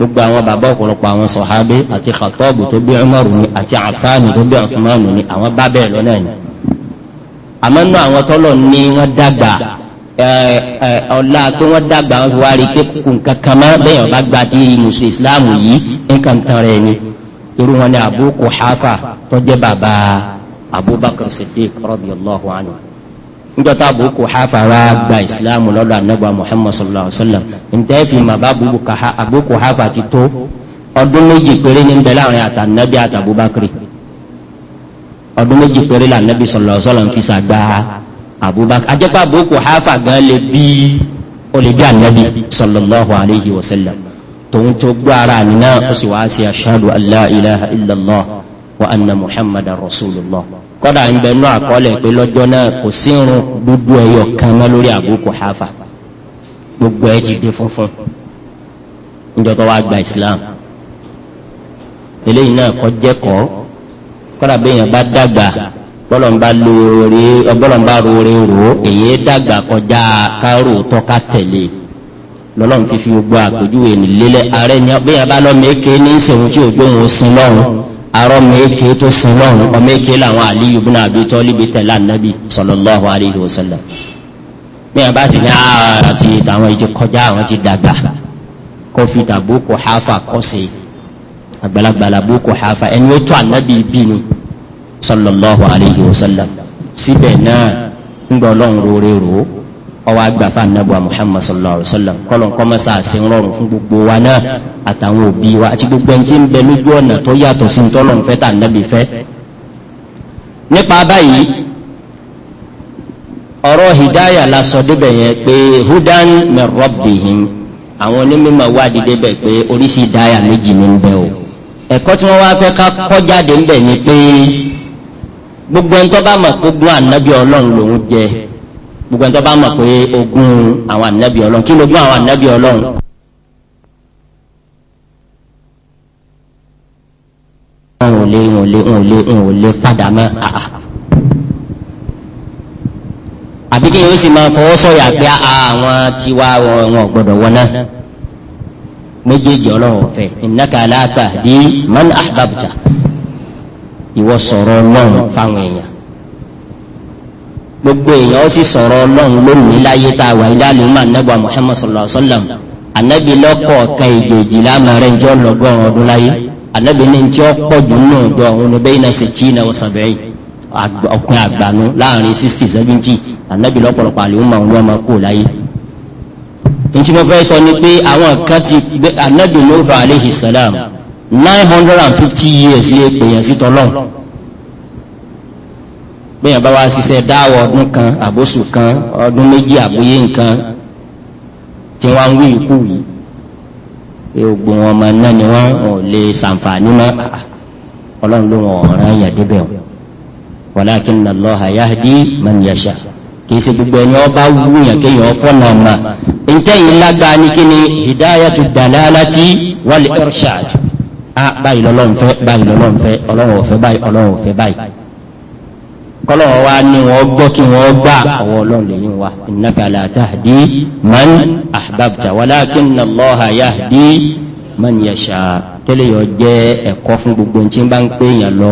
gbogbo àwọn bàbá ọ̀pọ̀lọpọ̀ àwọn sọ̀hábé àti Khattabu tó bí Umaru ni àti Affan tó bí Usmanu ni àwọn bá bẹ́ẹ̀ lọ́nà ni àmọ́ nínú àwọn tọ́lọ̀ ní wọ́n dàgbà ọ̀la pé wọ́n dàgbà wọn fi wá rí pé nǹkan kan máa bẹ́yàn bá gba ti mùsùlùmí Islam yìí nǹkan kan rẹ̀ ni irú wọn ni Abu Quhafa tó jẹ́ bàbá Abubakar Siddiq radiyallahu anhu njọta Abu Kuhafa wa gba ìsìláàmù lọ́dọ̀ anábà Muhammad sallallahu alaihi wa sallam ntẹ́ fi mà bá Abu Kuhafa ti tó ọdún méjì péré ní bẹ́ẹ̀ láàrin àtànábì àtàbúbákiri ọdún méjì péré lànàbì sallallahu alaihi wa sallam fi sàgbà Abubakar ajẹ́pà Abu Kuhafa gan lè bí ó lè bí anábì sallallahu alaihi wa sallam tòun tó gbọ́ ara nínú ó sì wá sí ashhadu an ilaha illallah wa anna Muhammadan rasulullah. kọ́dà ń bẹnu àkọọ́lẹ̀ pé lọ́jọ́ náà kò sí irun gbogbo ẹyọ kan mọ́ lórí Abu Kuhafa gbogbo ẹ ti dé funfun níjọ́ tó wá gba Islam eléyìí náà kọ́ jẹ́kọ̀ọ́ kọ́dà bá dàgbà bọ́lọ̀nba lóore èyí dàgbà kọjá tẹ̀lé lọ́lọ́run fífi gbogbo àpèjúwe ààrẹ ni bá lọ́ọ́ mẹ́kẹ́ ní ìsẹ̀wọ̀n tí lọ́run. arọ meke tó sin lọ́run ọ meke làwọn aliyu ibn abi tọ́líbi tẹ̀lé anabi sallallahu alayhi wa sallam bí wọn bá sì ní ààrà ah, ti tàwọn ìjẹ kọjá àwọn ti dàgbà kó fi tàbúkù hafa kọ́sẹ̀ àgbàlagbà làbúkù hafa ẹni ó tó anabi bí ni sallallahu alayhi wa síbẹ̀ náà ń gbọ́ ọlọ́run róré rò ó ọwọ́ agbàfà nàbọ̀ Muhammad sallallahu alayhi wa sallam kọ́lọ̀n kọ́ mọ́sá àṣẹ rọrùn fún gbogbo wa náà àtàwọn òbí wa àti gbogbo ẹni tí ń bẹ lójú ọ̀nà tó yàtọ̀ sí tọ́lọ̀n fẹ́ tà fẹ́. nípa báyìí ọ̀rọ̀ hidaya la sọ débẹ̀ yẹn pé hudan min rabbihim àwọn onímọ̀ wá di débẹ̀ pé oríṣi hidaya méjì ní ń bẹ o ẹ̀kọ́ tí wọ́n wá fẹ́ ká kọ́ jáde ń bẹ̀ ni pé gbogbo ẹni tó bá mọ̀ gbogbo ẹni tó bá mọ̀ pé ogún àwọn ànábì ọlọ́run kí lógún àwọn ànábì ọlọ́run. n ò lè n ò lè n ò lè n ò lè padà mọ́ àà. àbí kí yóò sì máa fọwọ́ sọ̀yà pé àwọn tiwa wọn gbọ́dọ̀ wọn náà méjèèjì ọlọ́run ọ̀fẹ́ innaka la tahdi man ìwọ sọ̀rọ̀ ọlọ́run fáwọn èèyàn gbogbo èèyàn ó sì sọ̀rọ̀ ọlọ́run lónìí láyé tá a wà ìdáàlú mà nẹ́bà muhammad sallallahu alayhi wa sallam anabi lọ́kọ̀ọ̀kan ìgbèjì lámàrẹ́ njẹ́ ọlọ́gọ́rùn ọdún láyé anabi ní tí ó pọ̀ jù nínú ọ̀dọ́ àwọn oníbẹ́ iná ṣe tí iná wọ̀sàbẹ̀ yìí ọkùnrin àgbànú láàrin sixty seventy anabi lọ́pọ̀lọpọ̀ àlè ọmọ àwọn ọmọ kú láyé. ntí mo fẹ́ sọ ni pé àwọn kan ti anabi nuhu alayhi salam nine hundred and fifty years lè pèyàn sí tọ́lọ́run bẹ́ẹ̀ bá wá ṣiṣẹ́ dáwọ̀ ọdún kan àbóṣù kan ọdún méjì àbóyé nǹkan tí wọ́n ń wí ikú yìí pé gbogbo wọn máa ná ni wọ́n ò lè ṣàǹfààní mọ́ ah, ah. ọlọ́run ló wọn ọ̀ràn yẹn débẹ̀ o walakinna Allaha yahdi man yasha kì í ṣe gbogbo ẹni wọn bá wú yàn kéèyàn fọ́nà ọ̀mà ntẹ́yìn lágbàá ní kíni hidayatu dalalati wal irshad ah báyìí lọ́lọ́run fẹ́ báyìí lọ́lọ́run fẹ́ ọlọ́run ò fẹ́ báyìí ọlọ́run ò fẹ́ báyìí kọ́lọ́wọ́ wa ní wọ́n gbọ́ kí wọ́n gbà àwọn ọlọ́run yìí wa innaka la tahdi man ahbabta walakinna Allaha yahdi man yasha kẹ́lẹ́ yọ jẹ́ ẹ̀kọ́ fún gbogbo tí ń bá ń pè yàn lọ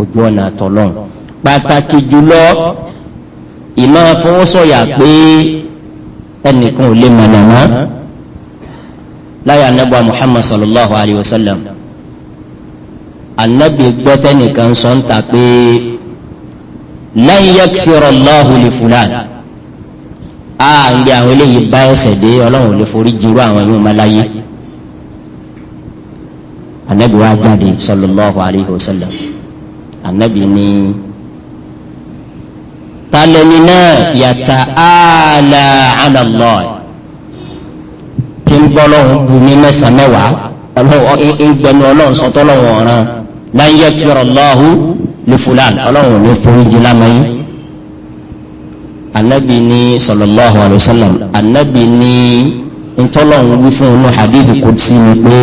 ojú ọ̀nà àtọ̀lọ́run pàtàkì jùlọ ìmọ̀ fọwọ́sọ̀yà pé ẹnìkan ò lè mọ̀nà mọ́ láyà anábọ̀ Muhammad sallallahu alayhi wa sallam anábì gbọ́tẹ́nìkan sọ pé lan yakfira Allahu li fulan a ń gbé àwọn eléyìí bá ẹsẹ̀ dé ọlọ́run ò lè forí jírú àwọn yóò máa láyé anabi wa jáde sallallahu alayhi wa sallam anabi ni talẹni náà yàtà ààlà ala tí ń gbọ́ lọ́hùn bu ní mẹ́sàn-án mẹ́wàá ọlọ́hùn ń gbẹnu ọlọ́hùn sọtọ́ lọ́hùn ọ̀ràn lan li fulan ọlọ́run ní foríjì lámẹ́yìn anabi ní sallallahu alayhi wa sallam anabi ní ntọ́lọ́run wí fún inú hadith qudsi ni pé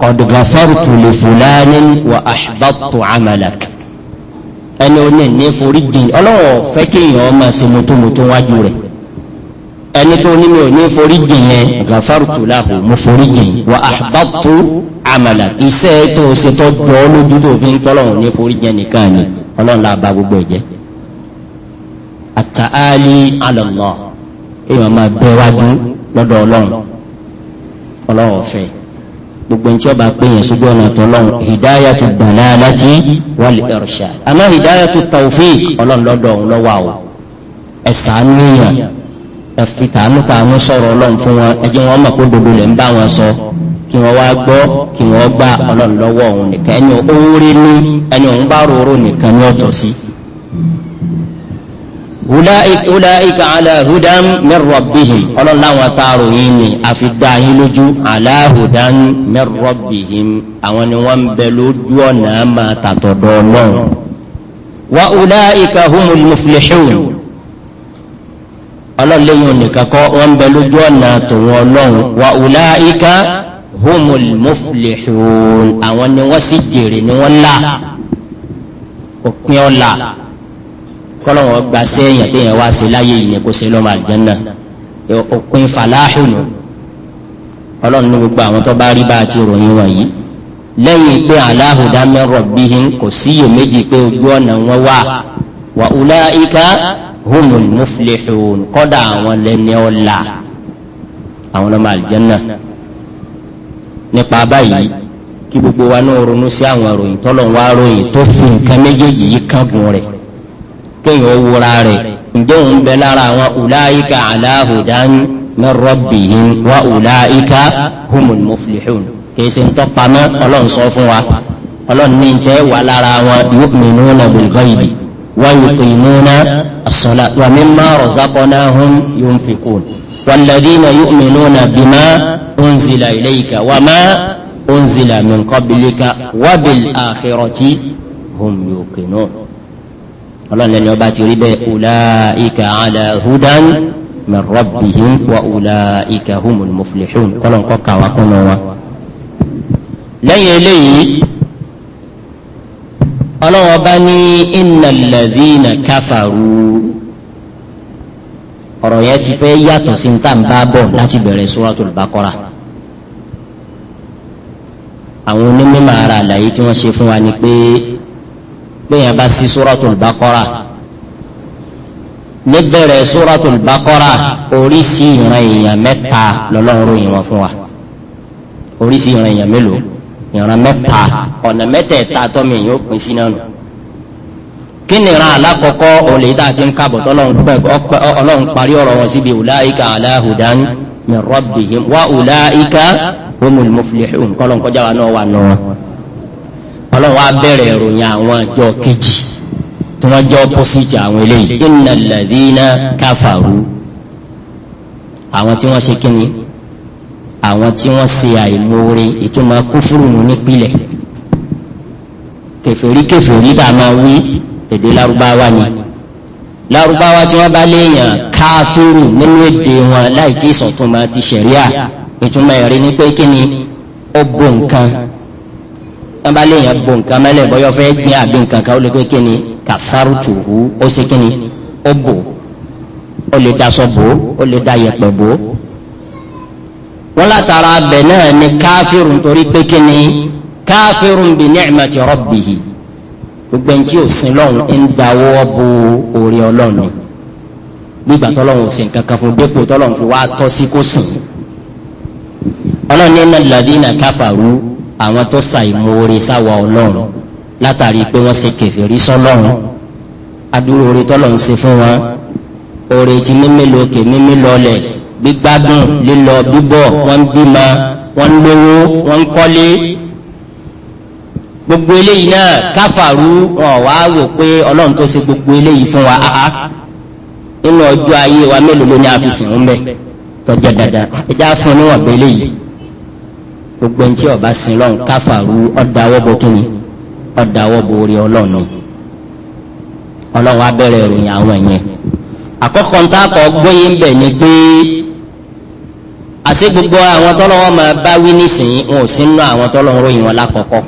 qad ghafartu li fulanin wa ahbadtu amalak ẹni o ní ní foríjì ọlọ́run fẹ́ kéèyàn ọmọ sí mutumutu wájú rẹ̀ ẹni tó ní mi ò ní foríjì yẹn ghafartu lahu mo foríjì wa ahbadtu àmàlà iṣẹ́ tó ṣe tó gbọ́ lójú tó fi ń tọ́lọ́run ní forí jẹ nìkan ni ọlọ́run la ba gbogbo ẹ̀jẹ̀ àtàálí àlọ́lọ́ èèyàn máa bẹ wájú lọ́dọ̀ ọlọ́run ọlọ́run ọ̀fẹ́ gbogbo ní tí ọba pé yẹn sójú ọ̀nà tọ́lọ́run hidaya tó gbọ̀nà láti wal irshad àmọ́ hidaya tó tawfiq ọlọ́run lọ́dọ̀ ọ̀hún lọ́wọ́ àwọ̀ ẹ̀sà níyàn ẹ̀fìtàánú sọ̀rọ̀ ọlọ́run fún wọn ẹ̀jẹ̀ wọn mọ̀ pé dodo lè ń bá wọn sọ kí wọ́n wá gbọ́ kí wọ́n gbà ọlọ́run lọ́wọ́ òun nìkan ẹni oore ní ẹni òun bá rorò nìkan ní ọ̀tọ̀ sí. ulaika ala hudan min rabbihim ọlọ́run láwọn taaro yìí ni àfi dá yín lójú ala hudan min àwọn ni wọ́n ń bẹ lójú ọ̀nà máa tàtọ̀ dọ̀ náà. wa ulaika humul muflihun ọlọ́run nìkan kọ́ wọ́n ń bẹ lójú ọ̀nà tòun ọlọ́run wa ulaika humul muflihun àwọn ni wọ́n sì jèrè ni wọ́n là òpin ọ̀la kọ́lọ́wọ́ gba sẹ́yìn téèyàn wá sí láyé yìí ni kò sí lọ́mọ àlùjànnà òpin fàláhù nù ọlọ́run ní gbogbo àwọn tó bá rí bá a ti ròyìn wọ̀nyí lẹ́yìn pé aláhùdá mẹ́rọ̀ bí i kò méjì pé ojú ọ̀nà wọn wà wà ulaika humul muflihun kọ́dà àwọn lẹ́ni ọ̀la àwọn ọmọ àlùjànnà nípa báyìí kí gbogbo wa náà ronú sí àwọn ròyìn tọ́lọ̀ ń wá ròyìn tó fi nǹkan méjèèjì yìí kángun rẹ̀ kéèyàn ó wura rẹ̀ ǹjẹ́ òun bẹ lára àwọn ulaika ala hudan min rabbihim wa ulaika humul kìí ṣe ń tọ́pa mọ́ ọlọ́run sọ fún wa ọlọ́run ní tẹ́ wà lára àwọn yu'minuna bil ghaibi wa yuqimuna as-salata wa mimma razaqnahum yunfiqun walladhina yu'minuna bima unzila ilayka wa ma unzila min qablika wa bil akhirati hum yuqinun ọlọ́nà ni ọba ti rí bẹ́ẹ̀ ulaika ala hudan min rabbihim wa ulaika humul muflihun kọ́lọ̀ nǹkan kà wá kọ́nà wa. lẹ́yìn eléyìí ọlọ́wọ́ bá ní innal ladhina kafaru ọ̀rọ̀ yẹn ti fẹ́ yàtọ̀ sí ní tàǹbà bọ̀ láti bẹ̀rẹ̀ Suratul Baqara àwọn onímọ̀ ara àlàyé tí wọ́n ṣe fún wa ni pé gbẹ̀yìn bá sí Suratul Baqara níbẹ̀rẹ̀ Suratul Baqara oríṣi ìran èèyàn mẹ́ta lọ́lọ́run ròyìn wọn fún wa oríṣi ìran èèyàn mélòó ìran mẹ́ta ọ̀nà mẹ́tẹ̀ẹ̀ta tọ́mọ èèyàn pín sí náà nù kí ni ìran alákọ̀ọ́kọ́ òun lè dáa ti ń kábọ̀ tó ọlọ́run parí ọ̀rọ̀ wọn síbi ulaika ala hudan min rabbihim wa ulaika humul muflihun kọ́lọ́n kọjá wa náà wà nù wọn. ọlọ́run wa bẹ̀rẹ̀ ìròyìn àwọn àjọ kejì tí wọ́n jẹ́ opposite àwọn eléyìí innal ladhina kafaru àwọn tí wọ́n ṣe kíni àwọn tí wọ́n ṣe àìmoore ìtumọ̀ kúfúrú nù nípìnlẹ̀ kèfèrí tá a máa wí èdè lárúbáwá ni lárúbáwá tí wọ́n bá léèyàn káfíìrù nínú èdè wọn láì tí ìsọ̀túnmá ti ṣẹ̀ríà ìtumọ̀ ẹ̀rí ni pé kí ni ó bo nǹkan wọ́n bá léèyàn bo nǹkan mẹ́lẹ̀ bọ́yọ́ fẹ́ gbin àbí nǹkan kan ó lè pé kí ni kàfárù tùhú ó ṣe kí ni ó bò ó lè daṣọ bò ó lè da yẹ̀pẹ̀ bò wọ́n látara abẹ náà ni káfíìrù nítorí pé kí ni káfíìrù bi ni'mati rabbihi gbogbo ẹni tí ò sin lọ́hùn ń dáwọ́ bo orí ọlọ́run ni gbígbà tọ́lọ́hùn ò sin kankan fún dépò tọ́lọ́hùn fi wá tọ́ sí kó sìn ọlọ́run ní iná ladina káfàrú àwọn tó sa ìmoore sáwà ọlọ́run látàrí pé wọ́n ṣe kèfèrí sọ́lọ́run adúrò orí tọ́lọ́hùn ṣe fún wọn orí ti mímí lókè mímí lọlẹ̀ gbígbádùn lílọ bíbọ̀ wọ́n bímọ wọ́n lówó wọ́n kọ́lé gbogbo eléyìí náà káfàrú ọ̀wá wò pé ọlọ́run tó ṣe gbogbo eléyìí fún wa áá ah, ah. nínú ọjọ́ ayé wa mélòó ló ní àfihàn ń bẹ tọjá dandan ẹjá fún níwọ̀n bẹ eléyìí gbogbo ẹni tí ọba sin lọ́run káfàrú ọ̀dà wọ́bọ kínní ọ̀dà wọ́bọ orí ọlọ́run ni ọlọ́run á bẹ̀rẹ̀ ìròyìn àwọn ẹ̀yẹn àkọ́kọ́ ntá kọ́ gbóyè ń bẹ̀ ni pé àṣẹ gbogbo àwọn tọ́lọ́wọ́ máa bá wí nísìnyí wọn ò sí àwọn tọ́lọ́wọ́ ròyìn wọn lákọ̀ọ́kọ́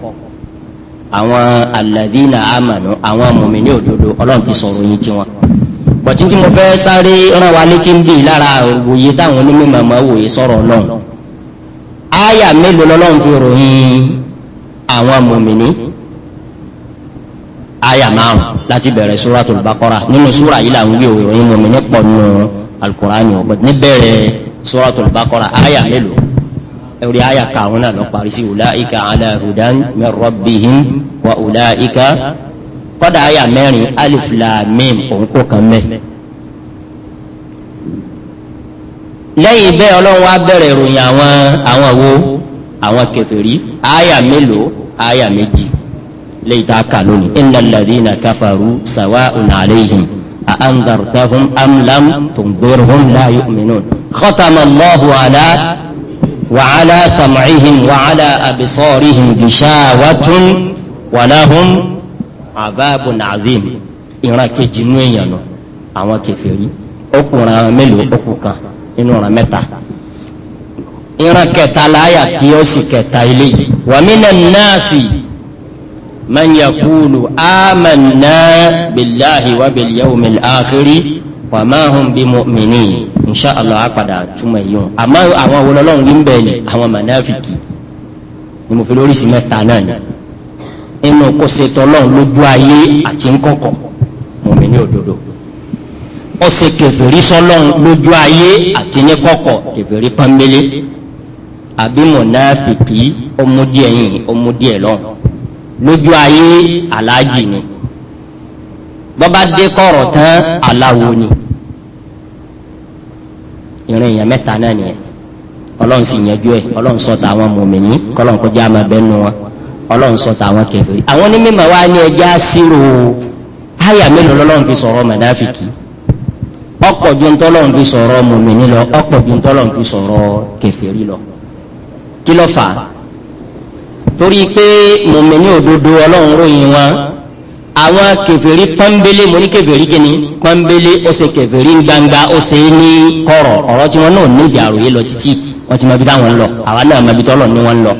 àwọn alladhina amanu àwọn mùmíní òdodo ọlọ́run ti sọ̀rọ̀ yín tiwọn. bọ̀tí tí mo fẹ́ sáré ràn wá létí ń bì lára òwòye táwọn onímọ̀ máa wòye sọ̀rọ̀ ọlọ́run. áyà mélòó lọ́lọ́run fi ròyìn àwọn mùmíní áyà márùn láti bẹ̀rẹ̀ suratul baqara nínú súra yìí làwọn gbé òròyìn mùmíní pọ̀ nù alukurani ọ̀gbọ̀n níbẹ̀rẹ̀ suratul baqara aya mélòó ẹ̀rí àyà kàwọn náà lọ parí sí ulaika ala hudan min rabbihim wa ulaika kọ́dà àyà mẹ́rin alif lam mim òun kò kàn mẹ́. lẹ́yìn bẹ́ẹ̀ ọlọ́run wá bẹ̀rẹ̀ ìròyìn àwọn àwọn wo àwọn kèfèrí àyà mélòó àyà méjì lẹ́yìn tá a kà lónìí innal ladhina kafaru sawa'un alayhim a anzartahum am lam tunzirhum la yu'minun khatama wàhálà sàmàìhìn wàhálà àbísọ́ọ̀rìhìn bìṣáwàtún wàláhùn àbáàbò nàvim ìran kejì inú èèyàn nù àwọn kèfèrí ọkùnrin àwọn mélòó ọkùn kan inú ọ̀ràn mẹ́ta ìran kẹta láyà tí ó sì kẹta ilé yìí wàmínà náàsì man yakulu amanna billahi wa bil yawmil akhiri wa insha allah á padà túmọ̀ èyí hàn àmọ́ àwọn awolọ́lọ́run ní bẹ́ẹ̀ ni àwọn mọ̀nàfìkì ni mo fi lórí sí mẹ́ta náà ni inú kó ṣe tọ́lọ́run lójú ayé àti ńkọ̀kọ̀ mọ̀mí ní òdodo ó ṣe kẹfìrí sọlọ́run lójú ayé àti ní kọ̀kọ̀ kẹfìrí pọ́nbélé àbí mọ̀nàfìkì ọmọdé ẹ̀yìn ọmọdé ẹ̀ lójú ayé aláàjì ni bọ́bá dé kọ̀rọ̀ tán aláwo ni ìrìn èèyàn mẹ́ta náà nìyẹn ọlọ́run sì yẹjú ẹ̀ ọlọ́run sọ tàwọn mùmìnì kọ́lọ́n kó já máa bẹ́nu wọn ọlọ́run sọ tàwọn kèfèrí àwọn onímọ̀ wa ní ẹja sírò àyà mélòó lọ́lọ́run fi sọ̀rọ̀ mọ̀dáfìkì ọ̀pọ̀ ju ntọ́lọ́run fi sọ̀rọ̀ mùmìnì lọ ọ̀pọ̀ ju ntọ́lọ́run fi sọ̀rọ̀ kèfèrí lọ kí ló fà á torí pé mùmìnì òdodo ọlọ́run ròyìn wọn àwọn kèfèrí pọ́nbélé mo ní kèfèrí kíni pọ́nbélé ó ṣe kèfèrí gbangba ó ṣe ní kọ̀rọ̀ ọ̀rọ̀ tí wọ́n náà ní ìdí àròyé lọ títí wọ́n ti mọ ibi táwọn ń lọ àwa náà mọ ibi tọ́lọ̀ ní wọ́n ń lọ.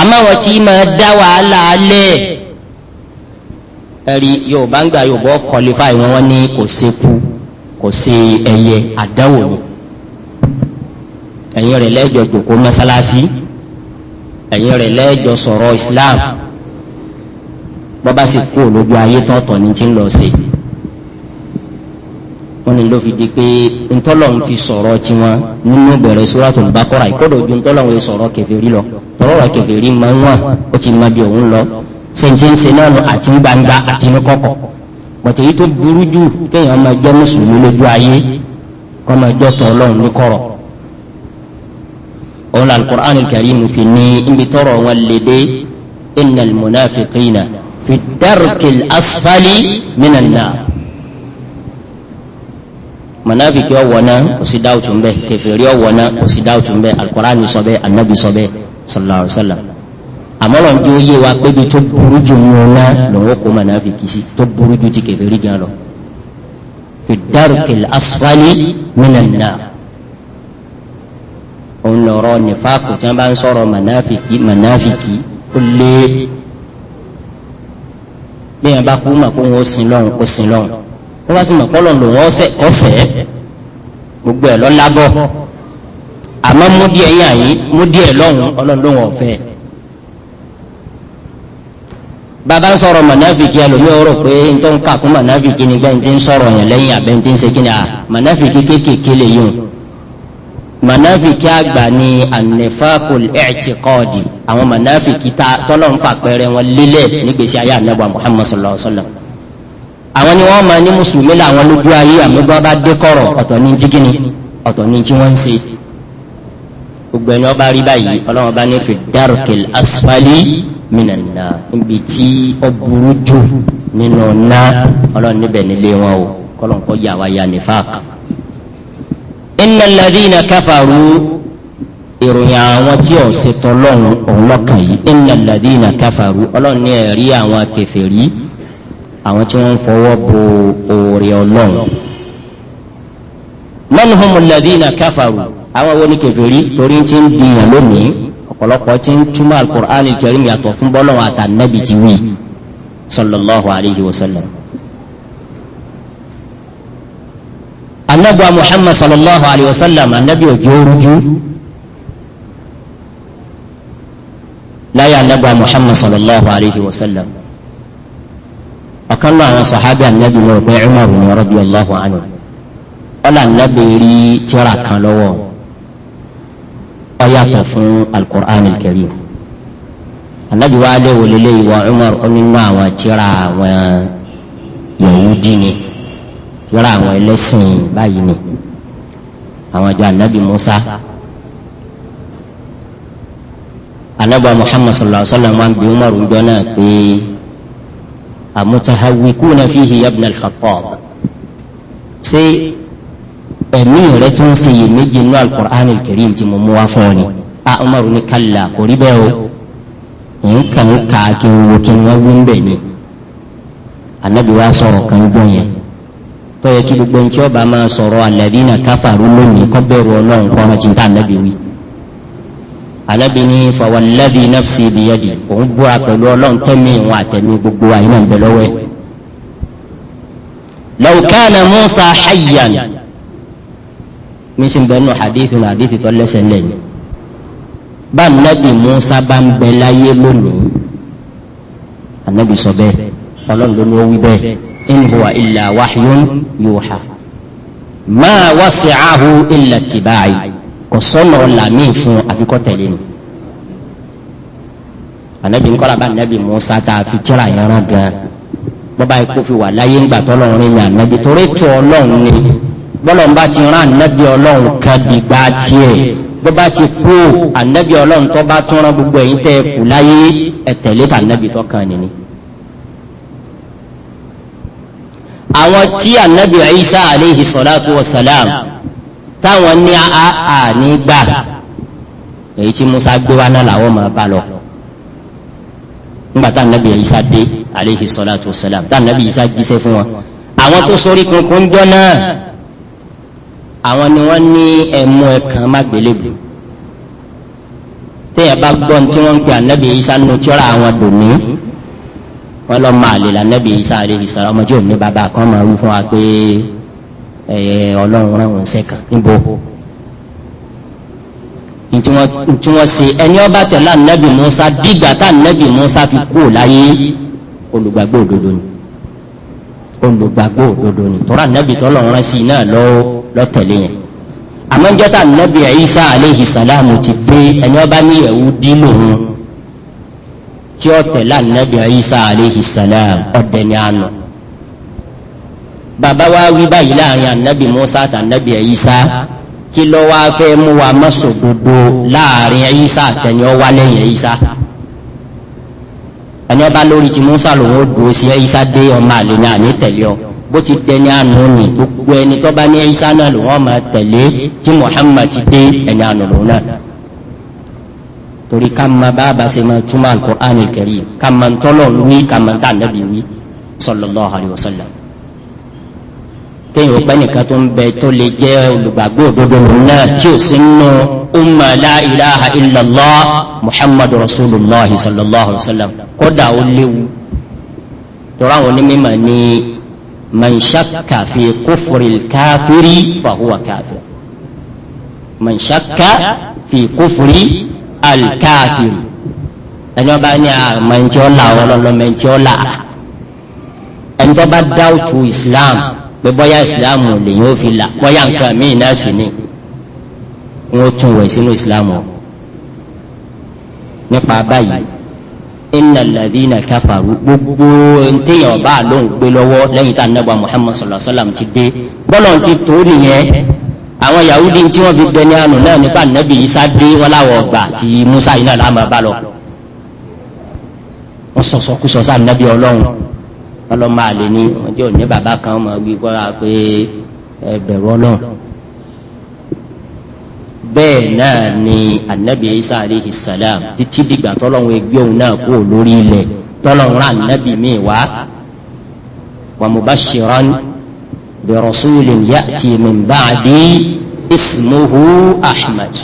àmọ́ àwọn tí máa dá wàhálà alẹ́ ẹ̀rí yorùbá ń gbà yorùbá kọlifáì wọn wọn ní kò séku kò sí ẹyẹ àdáwò ni ẹ̀yin rẹ̀ lẹ́jọ́ Islam bọ́bá sì kú olójú ayé tọ́tọ̀ ní ti ń lọ sí wọ́n ní ló fi di pé ntọ́lọ́hún fi sọ̀rọ̀ tiwọn nínú bẹ̀rẹ̀ Suratul Baqara ìkọ́dọ̀ ojú ntọ́lọ́hún yóò sọ̀rọ̀ kèfèrí lọ tọ́rọ̀ kèfèrí máa ń wà ó ti máa bí òun lọ sèǹtẹ̀ǹsì náà nù àti gbangba àti ní kọ̀kọ̀ bọ̀tẹ̀ yìí tó burú jù kéèyàn máa jẹ́ mùsùlùmí lójú ayé kọ́ máa jẹ́ tọ́ ọlọ́run ní kọ̀rọ̀ òun làlùkùránì kàrímù ní ibi tọ́rọ̀ wọn lédè innal munafiqina fi dárkìl asfali minan nar mọ̀nàfíkì ọ̀wọ̀ náà kò sí dáwùtù ńbẹ kẹfìrí ọ̀wọ̀ náà kò sí dáwùtù ńbẹ alukurani sọ bẹ́ẹ̀ anabi sọ bẹ́ẹ̀ sallallahu alayhi wa sallam àmọ́ràn tí ó yé wa pé bí tó burú jù wọn náà lòun kò mọ̀nàfíkì sí tó ti kẹfìrí gan lọ fi dárkìl asfali minan nar òun lọ̀rọ̀ nífàkù tí wọ́n bá ń sọ̀rọ̀ mọ̀nàfíkì mọ̀nàfíkì bẹ́ẹ̀ bá kú mọ̀ kó wọ́n sin lọ́hùn kó sin lọ́hùn wọ́n bá sì mọ̀ kọ́lọ̀ lò wọ́n ọ̀sẹ̀ ọ̀sẹ̀ gbogbo ẹ̀ lọ́lábọ̀ àmọ́ mú díẹ̀ yàn yín mú díẹ̀ lọ́hùn ọlọ́run ọ̀fẹ́ bàbá ń sọ̀rọ̀ mọ̀náfìkì ẹlòmíì ọ̀rọ̀ pé n tó ń kà kún mọ̀náfìkì ni bẹ́ẹ̀ ń ti ń sọ̀rọ̀ yẹn lẹ́yìn àbẹ́ ń ti ń ṣe ni à mọ̀náfìkì kéékèèké lè yùn manafiki àgbà ni anifakul ẹ̀ẹ́tìkọ́ọ̀dì àwọn manafiki ta tọ́lọ̀ ń fa pẹ́rẹ́ wọn lélẹ̀ nígbèsí ayé anabu muhammad sallallahu alayhi wa sallam àwọn ni wọ́n máa ní mùsùlùmí làwọn lójú ayé àmúgbọ́n bá dé kọ̀rọ̀ ọ̀tọ̀ ní ti gíní ọ̀tọ̀ ní tí wọ́n ń ṣe gbogbo ẹni ọba rí báyìí ọlọ́run bá ní fi dárùkìl asfali minanna níbi tí ó burú jù nínú ná ọlọ́run níbẹ̀ nílé wọn o kọ́lọ́n kọ́ yà wá ya nífàkà inna alladhina kafaru ìròyìn àwọn tí ò ṣe tọlọ́run òun lọ́kàn yìí inna alladhina kafaru ọlọ́run ní ẹ̀rí àwọn kèfèrí àwọn tí wọ́n ń fọwọ́ bo oore ọlọ́run man hum alladhina kafaru àwọn wo ni kèfèrí torí ti ń dìyàn lónìí ọ̀pọ̀lọpọ̀ ti ń túmọ̀ al-Qur'an yàtọ̀ fún bọ́lọ́run àtànẹ́bì wí sallallahu alayhi wa sallam. anabuwa muhammad sallallahu alayhi wa sallam anabi òjò orújú láyé anabuwa muhammad sallallahu alayhi wa sallam ọ̀kan náà àwọn sàhábì anabi ní òpin umar ní radiyallahu anhu ọ̀là anabi rí tíra kan lọ́wọ́ ó yàtọ̀ fún alukur'an alkarim anabi wa alẹ́ wòlélẹ́yìí wa umar ó àwọn tíra àwọn yahudi ni tíra àwọn ẹlẹ́sìn báyìí ni àwọn àjọ anabi musa anabiwa muhammad sallallahu alaihi wa sallam wa bi umaru jọ náà pé amutahawikuna fihi yabna al-khattab ṣé ẹ̀mí rẹ tó ń ṣe iyèméjì nínú al-Qur'an al-Karim tí mú wá fún ni a umaru ni kalla kò rí bẹ́ẹ̀ o nǹkan kàá kí kí n wá wí ń bẹ̀ ni anabi wa sọ̀rọ̀ kan gbọ́ yẹn tọ́yẹ kí gbogbo ẹni tí ọba máa sọ̀rọ̀ alladhina kafaru lónìí kọ́ bẹ̀rù ọlọ́run kọ́ ọ̀nà jìntà ànábì wí. ànábì ní fawalladhi nafsi biyadi òun búra pẹ̀lú ọlọ́run tẹ́mi ìwọ̀n àtẹ̀mí gbogbo àyínà ń bẹ lọ́wọ́ ẹ̀. law Musa hayyan mi sì ń bẹ nù hadith nù hadith tó lẹ́sẹ̀ lẹ́yìn. bá ànábì Musa bá ń bẹ láyé lónìí ànábì sọ bẹ́ẹ̀ ọlọ́run ló ní wí bẹ́ẹ̀ in huwa illa wahyun yuha ma wasi'ahu illa tiba'i kò sọ́nà ọ̀la míì fún àfikọ́ tẹ̀lé mi. anabi nkọ́la bá anabi musa tá a fi tíra yẹn rán gan bọ́ba yìí kó fi wà láyé ńgbà tọ́lọ́run rìn ní anabi torí tu ọlọ́run ni bọ́lọ́run bá ti rán anabi ọlọ́run kan dìgbà tiẹ̀ bọ́ba ti kú anabi ọlọ́run tó bá tún rán gbogbo ẹ̀yin tẹ́ kù láyé ẹ̀tẹ̀lé tà anabi tó kàn nìyí. àwọn tí anabi isa aleyhi salatu wa salam táwọn ní a a ní gbà èyí tí musa gbé wa náà làwọn máa bá lọ ngbàtà anabi isa dé aleyhi salatu wa salam tá anabi isa jíṣẹ́ fún wa àwọn tó sórí kunkun jọ náà àwọn ni wọ́n ní ẹmú ẹkàn má gbélébùú téèyàn bá gbọ́ tí wọ́n ń pè anabi isa nù tíọ́ra àwọn dòmí wọn lọ máa lè la nẹ́bí isa aleyhi sara ọmọ tí ò ní bàbá kan máa wú fún wa pé ọlọ́run ránwọ̀n sẹ́kàn níbo ntí wọ́n ṣe ẹni ọba tẹ̀lá nẹ́bí musa bígbà tá nẹ́bí musa fi kú láyé olùgbàgbọ́ òdodo ni olùgbàgbọ́ òdodo ni tọ́ra nẹ́bí tọ́lọ̀ rán sí náà lọ́tẹ̀lé yẹn àmọ́ njọ́ta nẹ́bí isa aleyhi salamu ti pé ẹni ọba ní dín lòun tí ó tẹ̀lé ànábì Isa alayhi salam ọ̀dẹ̀ ni àná bàbá wa wí báyìí láàrin ànábì Musa àti ànábì Isa kí ló wá fẹ́ mú wa mọ́sòdodo láàrin Isa àtẹni ọwá lẹ́yìn Isa ẹni ọba lórí ti Musa lòun ó dùn sí Isa dé ọmọ àlè ní àní tẹ̀lé ọ bó ti dẹni àánú ni gbogbo ẹni tó ní Isa náà lòun ọmọ tẹ̀lé tí Muhammad ti dé ẹni àánú lòun náà torí ká ma bábà ṣe máa túmọ̀ al-Qur'an al-Karim ká ma ń tọ́lọ̀ wí ká ma ń tà nẹ́bí wí sallallahu alayhi wa sallam. kéèyàn ó pẹ́ nìkan tó ń bẹ tó lè jẹ́ olùgbàgbọ́ òdodo náà tí ò sí nínú umma la ilaha illallah muhammadu rasulillah sallallahu alayhi wa sallam kódà ó léwu tọ́ra àwọn onímọ̀ ní man shakka fi kufri al-kafiri fahuwa kafir man alkaafiru ẹni ọba ní àmọ́ ah, ẹni tí ó là wọn lọ́lọ́mọ ẹni tí ó là ẹni tó bá dáwùtù islam pé bọ́yá islam lèyìn ó fi là bọ́yá nǹkan míì náà sì ni wọ́n tún wẹ̀ sínú islam o nípa báyìí inna ladina kafaru gbogbo ntẹ̀yàn ọba ló gbé lọ́wọ́ lẹ́yìn tá a nẹ́bà muhammad sallallahu alayhi wa sallam ti dé bọ́lọ̀ ti tó nìyẹn àwọn yahudi tí wọ́n fi dẹni àánú náà nípa nàbì isa dé wọn láwọ̀ ọgbà tí musa yìí náà láàmú bá lọ. wọ́n sọ̀sọ̀ kú sọ̀sọ̀ ànábì ọlọ́run wọn lọ máa lè ní wọn tí ò ní bàbá kan mọ̀ wí kọ́ra pé ẹ bẹ̀rù ọlọ́run. náà ni ànábì isa aleyhi salam títí dìgbà tọ́lọ́run egbé òun náà kú lórí ilẹ̀ tọ́lọ́run rán ànábì míì wá wàmúbáṣirán. برسول يأتي من بعدي اسمه أحمد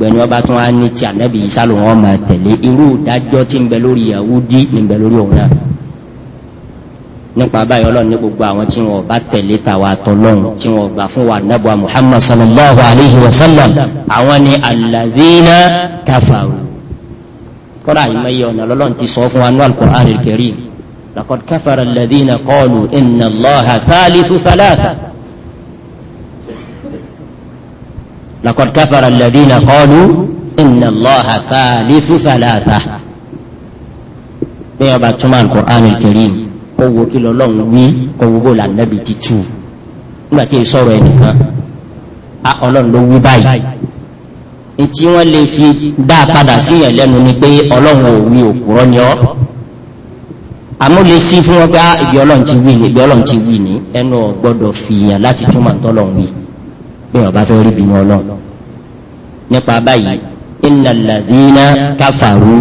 gbẹ̀ni ọba tún wá ní ti ànábì Ìsá ló wọn máa tẹ̀lé irú ìdájọ́ tí ń bẹ lórí Yahudi ní bẹ lórí òun náà nípa báyìí ọlọ́run ní gbogbo àwọn tí wọn bá tẹ̀lé tàwa àtọ́lọ́run tí wọn gbà fún wa nàbọ̀ Muhammad sallallahu alayhi wa sallam àwọn ni alladhina kafaru kọ́ra ìmọ̀ ọ̀nà lọ́lọ́run ti sọ fún wa ní Al-Qur'an al لقد كفر الذين قالوا إن الله ثالث ثلاثة لقد كفر الذين قالوا إن الله ثالث ثلاثة bẹ́ẹ̀ bá túmọ̀ alukur'an kẹrin kó wo kí lọ́lọ́run wí kó wo bó la nàbì ti tu nígbà tí sọ̀rọ̀ ẹnìkan a ọlọ́run ló wí báyìí etí wọn lè fi dá a padà sí yẹn lẹ́nu ni pé ọlọ́run ò wí òkúrọ́ ni ọ́ àmọ́ lè sí fún wọn pé ah, ìbí ọlọ́run ti wí ni ìbí ọlọ́run ti wí ni ẹnu ò gbọ́dọ̀ fi yàn láti túmọ̀ tọ́lọ́run wí bí wọn bá fẹ́ rí bínú ọlọ́run nípa báyìí innal ladhina kafaru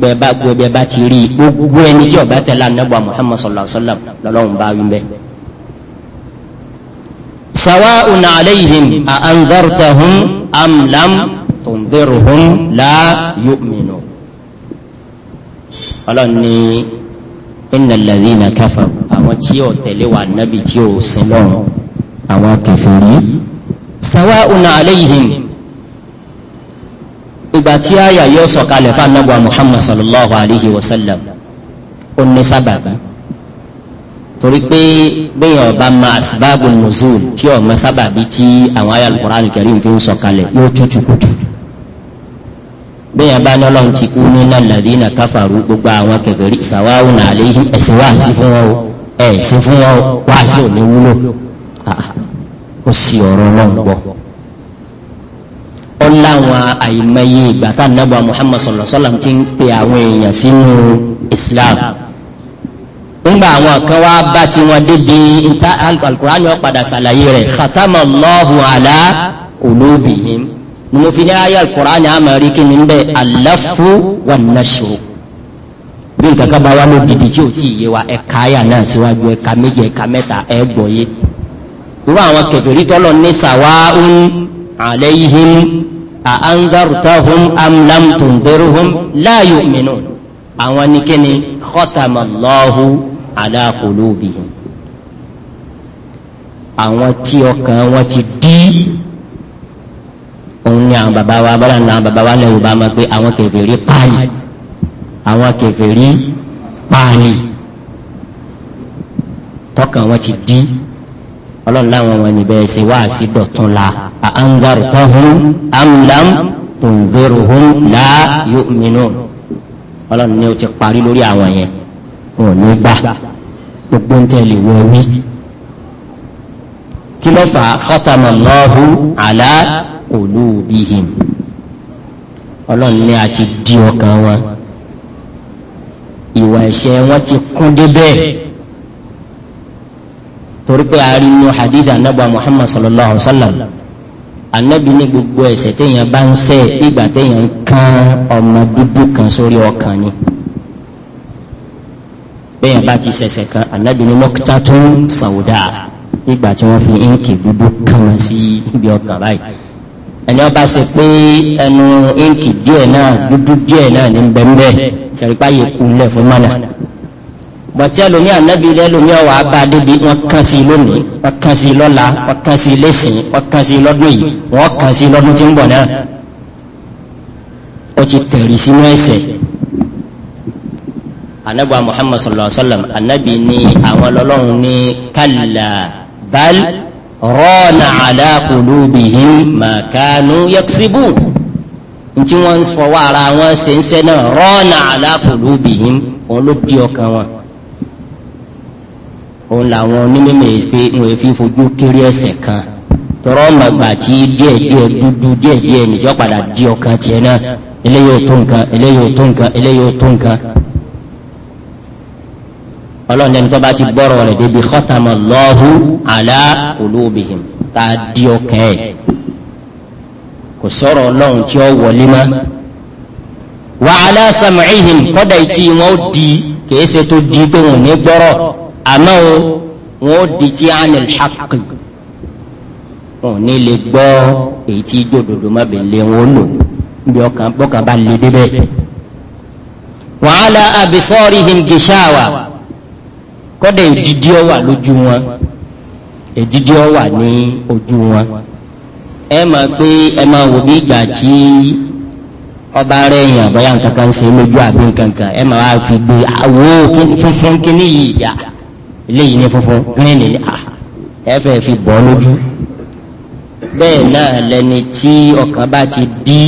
bẹ́ẹ̀ bá gbọ́ bẹ́ẹ̀ bá ti rí gbogbo ẹni tí ọba tẹ̀lé anábọ̀ Muhammad sallallahu alaihi wasallam lọ́lọ́run bá wí bẹ́ẹ̀. sawa'un alayhim a anzartahum am lam tunzirhum la yu'minu. ọlọ́run inna alladhina kafaru àwọn tí ò tẹ̀lé wa nábì tí ò sin lọ́run àwọn kèfèrí sawa'un alayhim ìgbà tí àyà yóò sọ̀kalẹ̀ fún anábọ̀ muhammad sallallahu alayhi wa sallam ó ní sábàbí torí pé bẹ́ẹ̀ ọba ma asbabun nuzul tí ọ̀ sábàbí tí àwọn àyà al-Qur'an fi ń sọ̀kalẹ̀ yóò tútù kútù bẹ́ẹ̀ yẹn bá ní ọlọ́run ti kú ní nàlàdí nà káfàrú gbogbo àwọn kèfèrí ìsàwáwò nà àléhìn ẹ̀sìn wá sí fún wọn o ẹ̀sìn fún wọn o wá sí òní wúlò ah, ó sì ọ̀rọ̀ náà gbọ́. ó láwọn àìmọye ìgbà tá nàbà Muhammad sọlọ sọlọ ti ń pe àwọn èèyàn sínú Islam nígbà àwọn kan wá bá tí wọn débi nta alukurani ó padà rẹ̀ khatama Allahu ala qulubihim mo fi ní ayé alukur'an ní amari kí ni n bẹ alafu wa nasuru bí nǹkan kan bá wà ló dìdí tí o ti yé wa ẹ̀ka ayà náà síwájú ẹ̀ka méje ẹ̀ka mẹ́ta ẹ̀ gbọ́ yé irú àwọn kẹfìrí tọ́lọ̀ ní sàwáhùn àlẹ́yìn à anzartahum am lam tundirhum la yu'minun àwọn ní kí ni khatamallahu ala qulubihim àwọn tí ọkàn wọn ti dí òun ni àwọn bàbá wa bọ́lá ní àwọn bàbá wa lẹ́yìn bá máa pé àwọn kèfèrí páàlì àwọn kèfèrí páàlì tọkàn wọn ti dí ọlọ́run láwọn wọn níbẹ̀ ṣe wá sí dọ̀tún la à ń gbàrú tọ́hún amúlám tó ń vẹ́rù hún là yóò mìíràn ọlọ́run ní o ti parí lórí àwọn yẹn wọn ò ní gbà gbogbo ń tẹ̀lé wọ́n wí kí ló fà á khatama Allahu ala qulubihim ọlọ́run ní a ti di ọkàn wọn ìwà ẹ̀ṣẹ̀ wọn ti kún débẹ̀ torí pé a hadith anabu muhammad sallallahu alaihi wa sallam anabi ní gbogbo ẹ̀ṣẹ̀ téèyàn bá ń ṣẹ̀ ìgbà téèyàn ń kán ọmọ dúdú kan sórí ọkàn ni bẹ́ẹ̀ bá ti ṣẹ̀ṣẹ̀ kan anabi ní mọ́kítà tó ń sàwùdà ìgbà tí wọ́n fi ínkì dúdú kàn sí ibi ọkàn báyìí ẹni ọba ṣe pé ẹnu ínkì díẹ̀ náà dúdú díẹ̀ náà ní bẹ́ńbẹ́ sẹ̀rípá yìí kú lẹ̀ fún mọ́nà bọ̀tí ẹlòmí ànábì lẹ́lòmí ọ̀wà bá débi wọn kàn sí lónìí wọn kàn sí lọ́la wọn kàn sí lẹ́sìn wọn kàn sí lọ́dún yìí wọn kàn sí lọ́dún tí ń bọ̀ náà ó ti tẹ̀rí sínú ẹ̀sẹ̀ ànábì wa sallallahu alaihi wa sallam ànábì ni àwọn ọlọ́run ní kàlà bal rọ́ọ̀nà àdákùlù bìhín màkánú yẹksibú ntí wọ́n ń fọwọ́ ara wọn ṣe ń sẹ́ náà rọ́ọ̀nà àdákùlù bìhín òun ló di ọkàn wọn. òun làwọn onímọ̀ èpè wọn fi fojú kéré ẹsẹ̀ kan tọrọ màgbà tí díẹ̀ díẹ̀ dúdú díẹ̀ díẹ̀ nìjọ́ padà di ọkàn tiẹ̀ náà eléyìí ò tó nǹkan eléyìí ò tó nǹkan eléyìí ò tó nǹkan ọlọ́run ẹni tó bá ti bọ́rọ̀ rẹ̀ débi khatama Allahu ala qulubihim tá a di ọkàn ẹ̀ kò sọ̀rọ̀ ọlọ́run tí ó wọlé mọ́ wa ala sam'ihim kọ́dà tí wọ́n di kìí ṣe tó di pé wọ́n ní gbọ́rọ̀ àmọ́ wọ́n di ti anil haqq wọn ní lè gbọ́ èyí tí jòdòdò má bẹ̀ lé wọn lò níbi ọkàn bọ́kàn bá lè débẹ̀ wa ala absarihim kọ́dà èdìdí ọ wà lójú wọn èdìdí ọ wà ní ojú wọn ẹ máa pé ẹ máa wò bí ìgbà tí ọba rẹ yàn bóyá nǹkan kan ṣe lójú àbí nǹkan kan ẹ máa wá fi gbé àwo funfun kíní yìí yà eléyìí ní funfun green ní à ẹ fẹ́ fi bọ́ lójú bẹ́ẹ̀ náà lẹni tí ọkàn bá ti dí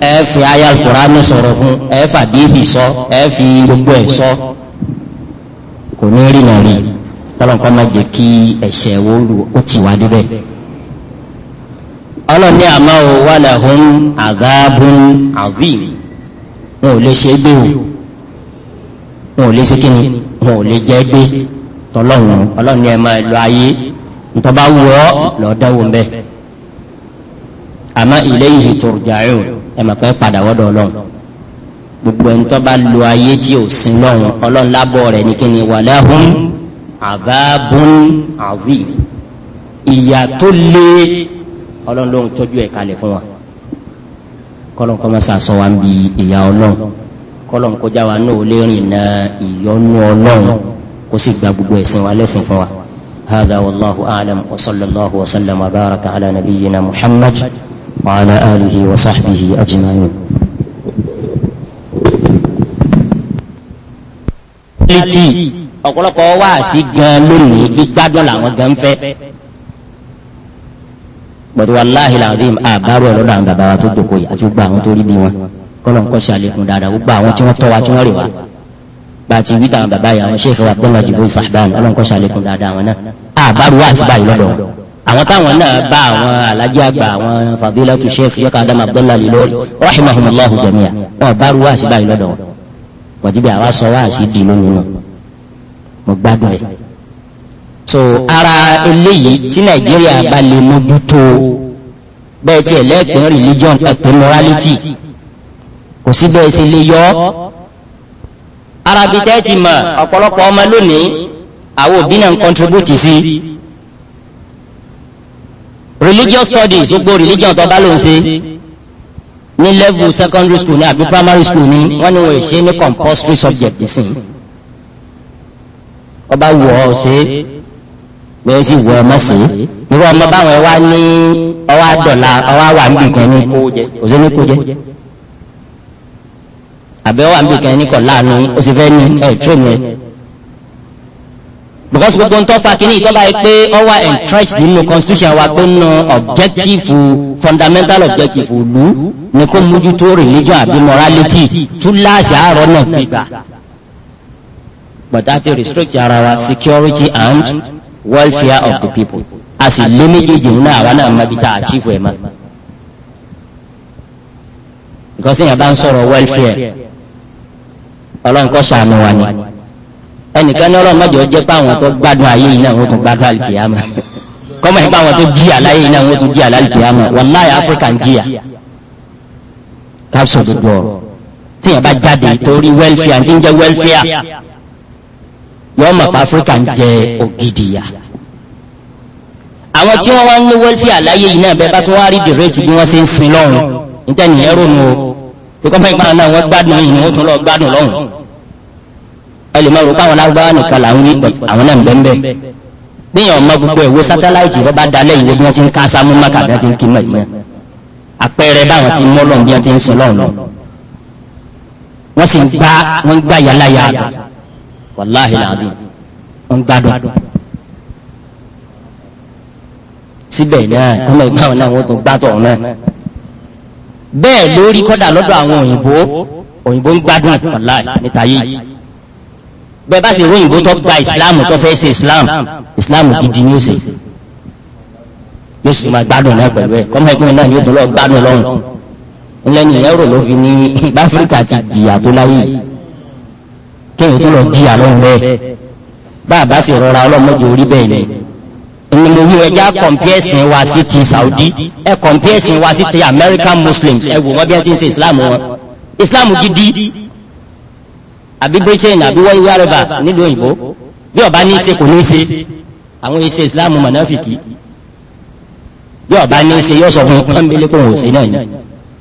ẹ fi ayé alukóra ní sọ̀rọ̀ fún ẹ fàbí ìbí sọ ẹ fi gbogbo ẹ sọ. So kò ní rí nàrí tọ́lọ́nkọ́ má jẹ́ kí ẹ̀ṣẹ̀ wo ó ti wá débẹ̀. ọlọ́ni àmọ́ o wà láhùn àgáàbùn àvìm wọn ò lè ṣe é gbé o wọn ò lè ṣe kíni wọn ò lè jẹ́ gbé tọ́lọ́run ọlọ́ni ẹ̀ máa lọ ayé ntọ́ba wọ́ lọ́ọ́dẹ́wò ń bẹ́ àmọ́ ilé yìí tó rjà ẹ̀ ẹ̀ mà pẹ́ padà wọ́dọ̀ ọlọ́run gbogbo ẹni tó bá lo ayé tí ò sin lọ́hùn ọlọ́run lábọ̀ rẹ̀ ní kí ni walahum adhabun adhim ìyà tó lé ọlọ́run ló ń tọ́jú ẹ̀ kalẹ̀ fún wa kọ́lọ́n kọ́ mọ́sá sọ wa ń bi ìyà ọlọ́run kọ́lọ́n kọjá wa náà lè rìn na ìyọnu ọlọ́run kó sì gba gbogbo ẹ̀sìn wa lẹ́sìn fún wa. هذا والله أعلم وصلى الله وسلم وبارك على نبينا محمد وعلى آله وصحبه أجمعين quality ọ̀pọ̀lọpọ̀ wá sí gan lónìí gbígbádùn làwọn gan fẹ́ pẹ̀lú aláhi làdí àbárò ẹ̀rọ làwọn bàbá wa tó dòkó yìí àti gbogbo àwọn tó rí bí wọn kọ́lọ̀ ń kọ́ sí àlékún dáadáa gbogbo àwọn tí wọ́n tọ́ wa tí wọ́n rè wa bá a ti wí táwọn bàbá yìí àwọn Sheikh wa Abdullah Jibril Sahban ọlọ́run kọ́ sí àlékún dáadáa àwọn náà àbárò wá sí báyìí lọ́dọ̀ wọn àwọn táwọn náà bá àwọn alájí àgbà àwọn Abdullah lè lórí rahimahumullahu jamiya wọn bá ruwa wàjíbi àwa sọ wá sí di lónìí nù mo gbádùn ẹ so ara eléyìí tí nàìjíríà bá lè mójútó bẹ́ẹ̀ tiẹ̀ lẹ́ẹ̀pẹ́ religion ẹ̀pẹ́ morality kò sí bẹ́ẹ̀ ṣe lè yọ ọ́ arabi tẹ́ ti mọ̀ ọ̀pọ̀lọpọ̀ ọmọ lónìí àwọn òbí náà ń contribute sí religious studies gbogbo religion tó bá ló ń ṣe ní level secondary school ní àbí primary school ní wọ́n ní wọ́n ṣe ní compulsory subject nísìnyí ọba wọ̀ ọ́ ṣe bí ó sì wọ̀ ọ́ mọ̀ sí irú ọmọ báwọn ẹ wá ní ọwọ́ àdọ̀là ọwọ́ àwà níbi kan ní kó jẹ òṣèlú ní kó jẹ àbẹ́wò àbí kan ní kọ̀ láàánú ó sì fẹ́ ní ẹ̀ tírèmù ẹ̀ because gbogbo ntọ́ fa kínní ìtọ́ba yìí pé ọ wà entrenched nínú constitution wa pé nù objective fundamental objective òlu ni kò mójútó religion àbí morality túláàsì àárọ̀ náà gbígbà but àti restrict ara wa security and welfare of the people a sì lé méjèèjì nínú àwa náà mọbi tá a achieve ẹ̀ mọ́ because èèyàn bá ń sọ̀rọ̀ welfare ọlọ́run kọ́ sànù wa ni ẹnìkan ní ọlọ́run mọ́jọ jẹ́ pé àwọn tó gbádùn ayé yìí náà wọ́n tún gbádùn àlìkìyàmà kọ́mọ̀ yìí pé àwọn tó jìyà láyé yìí náà wọ́n tún jìyà lálìkìyàmà wàláyé áfíríkà ń jìyà kápsọ̀ gbogbo ọ̀rọ̀ tíyẹn bá jáde torí wẹ́lfíà ní jẹ́ wẹ́lfíà yọ mọ̀ pé áfíríkà ń jẹ ògidìyà àwọn tí wọ́n wá ń ní wẹ́lfíà láyé yìí náà bẹ́ẹ̀ bá tún wá rí dìrẹ́tì bí wọ́n ṣe ń sin lọ́run níta ẹlòmọ́ rò páwọn lárúbáwá nìkan làwọn ní pẹ̀ àwọn náà ń bẹ́ẹ̀ bẹ́ẹ̀ bíyàn ọmọ gbogbo ẹ̀wọ́ sátáláìtì bọ́ bá dalẹ̀ ìwé bí wọ́n ti ń ká sámú mọ́kà bí wọ́n ti ń kí mẹ́jọ àpẹẹrẹ báwọn ti mọ́ lọ́n bí wọ́n ti ń sin lọ́n lọ wọ́n sì ń gbá wọ́n ń gbá yàláyà àdùn wàláhì làdùn wọ́n ń gbádùn síbẹ̀ náà ọmọ ìgbà wọn náà wọ́n tó gbádùn bẹ́ẹ̀ bá sì róyìnbó tó gba ìsìláàmù tó fẹ́ ṣe ìsìláàmù ìsìláàmù gidi ni ó ṣe yóò sì máa gbádùn náà pẹ̀lú ẹ̀ kọ́mọ ẹgbẹ́ náà yóò dúró gbádùn lọ́rùn ńlẹ́ni ìyẹ́rò ló fi ní ìgbà áfíríkà ti jìyà tó láyé kéèyàn tó lọ jìyà lọ́rùn bẹ́ẹ̀ bá a bá sì rọra ọlọ́mọdé orí bẹ́ẹ̀ ni ìmìlò wí ẹja kọ̀m̀pẹ́sìn wa sí ti Saudi ẹ kọ̀m̀pẹ́sìn wa sí ti American Muslims ẹ wò wọ́n bí wọ́n ti ń ṣe ìsìláàmù wọn ìsìláàmù gidi àbí britain àbí wẹ́rẹ́bà nílùú òyìnbó bí ọba ní í ṣe kò ní í ṣe àwọn ìṣe ìsìláàmù mọ̀nàfìkì bí ọba ní í ṣe yóò sọ fún un pọ́nbélé kò wọ́n ò ṣe náà ni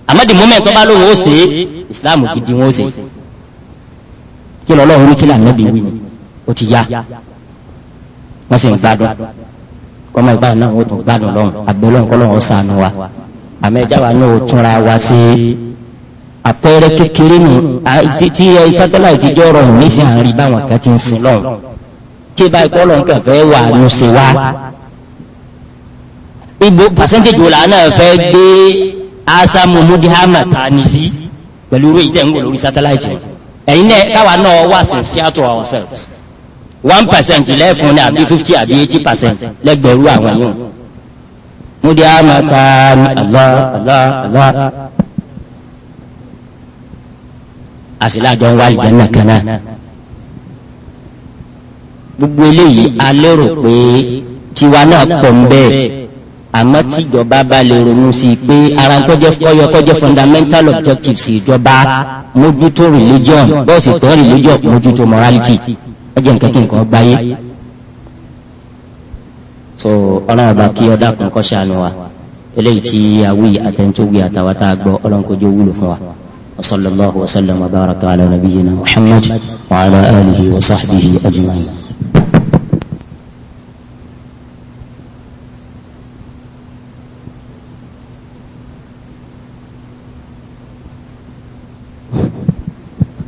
àmọ́ the moment tó bá lóun ó ṣe ìsìláàmù gidi wọn ó ṣe kí lọ́lọ́run rí kí lànà bí wí ni ó ti yá wọ́n sì ń gbádùn kọ́mọ ìgbà náà ó tún gbádùn lọ́hùn àgbẹ̀ lọ́hùn kọ́ lọ́hùn sànù wa àmọ́ náà ó túnra wa sí i àpẹẹrẹ kékeré nù tí sátáláìtì jọ rọrùn ní sí àárín báwọn kan ti ń sin lọ kí báyìí kọ́ lọ́n kàn fẹ́ wà nù sí wa. ibo pàṣẹ́ntéèjì wò làánà fẹ́ gbé asamu mudihama ta ni sí pẹ̀lú irú ìtẹ̀ ń wò lórí sátáláìtì ẹ̀yin náà káwa náà wà sincere to ourselves one percent lẹ́ẹ̀fún ní àbí fifty àbí eighty percent lẹ́gbẹ̀rú àwọn yòó mudihama ta ni Allah Allah Allah. àsìlájọ ń wá àlìjánà kan náà gbogbo eléyìí a lérò pé tiwa náà pọ̀ ń bẹ́ẹ̀ àmọ́ tíjọba bá lè ronú sí i pé ara tó jẹ́ kọ́yọ fundamental objectives ìjọba mójútó religion bọ́ọ̀sì tó religion mójútó morality ó jẹ́ nǹkan kí nǹkan gbáyé so ọlọ́run ọba kí ọdá kan kọ́ ṣàánú wa eléyìí tí awúyí àtẹnudógbé àtàwọn a gbọ́ ọlọ́run kó jẹ́ wúlò fún wa. وصلى الله وسلم وبارك على نبينا محمد وعلى آله وصحبه أجمعين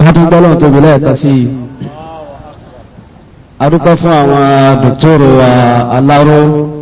adúgbọ́lọ́ tóbi lẹ́ẹ̀ta sí i adúpẹ́ fún àwọn dòktóró aláró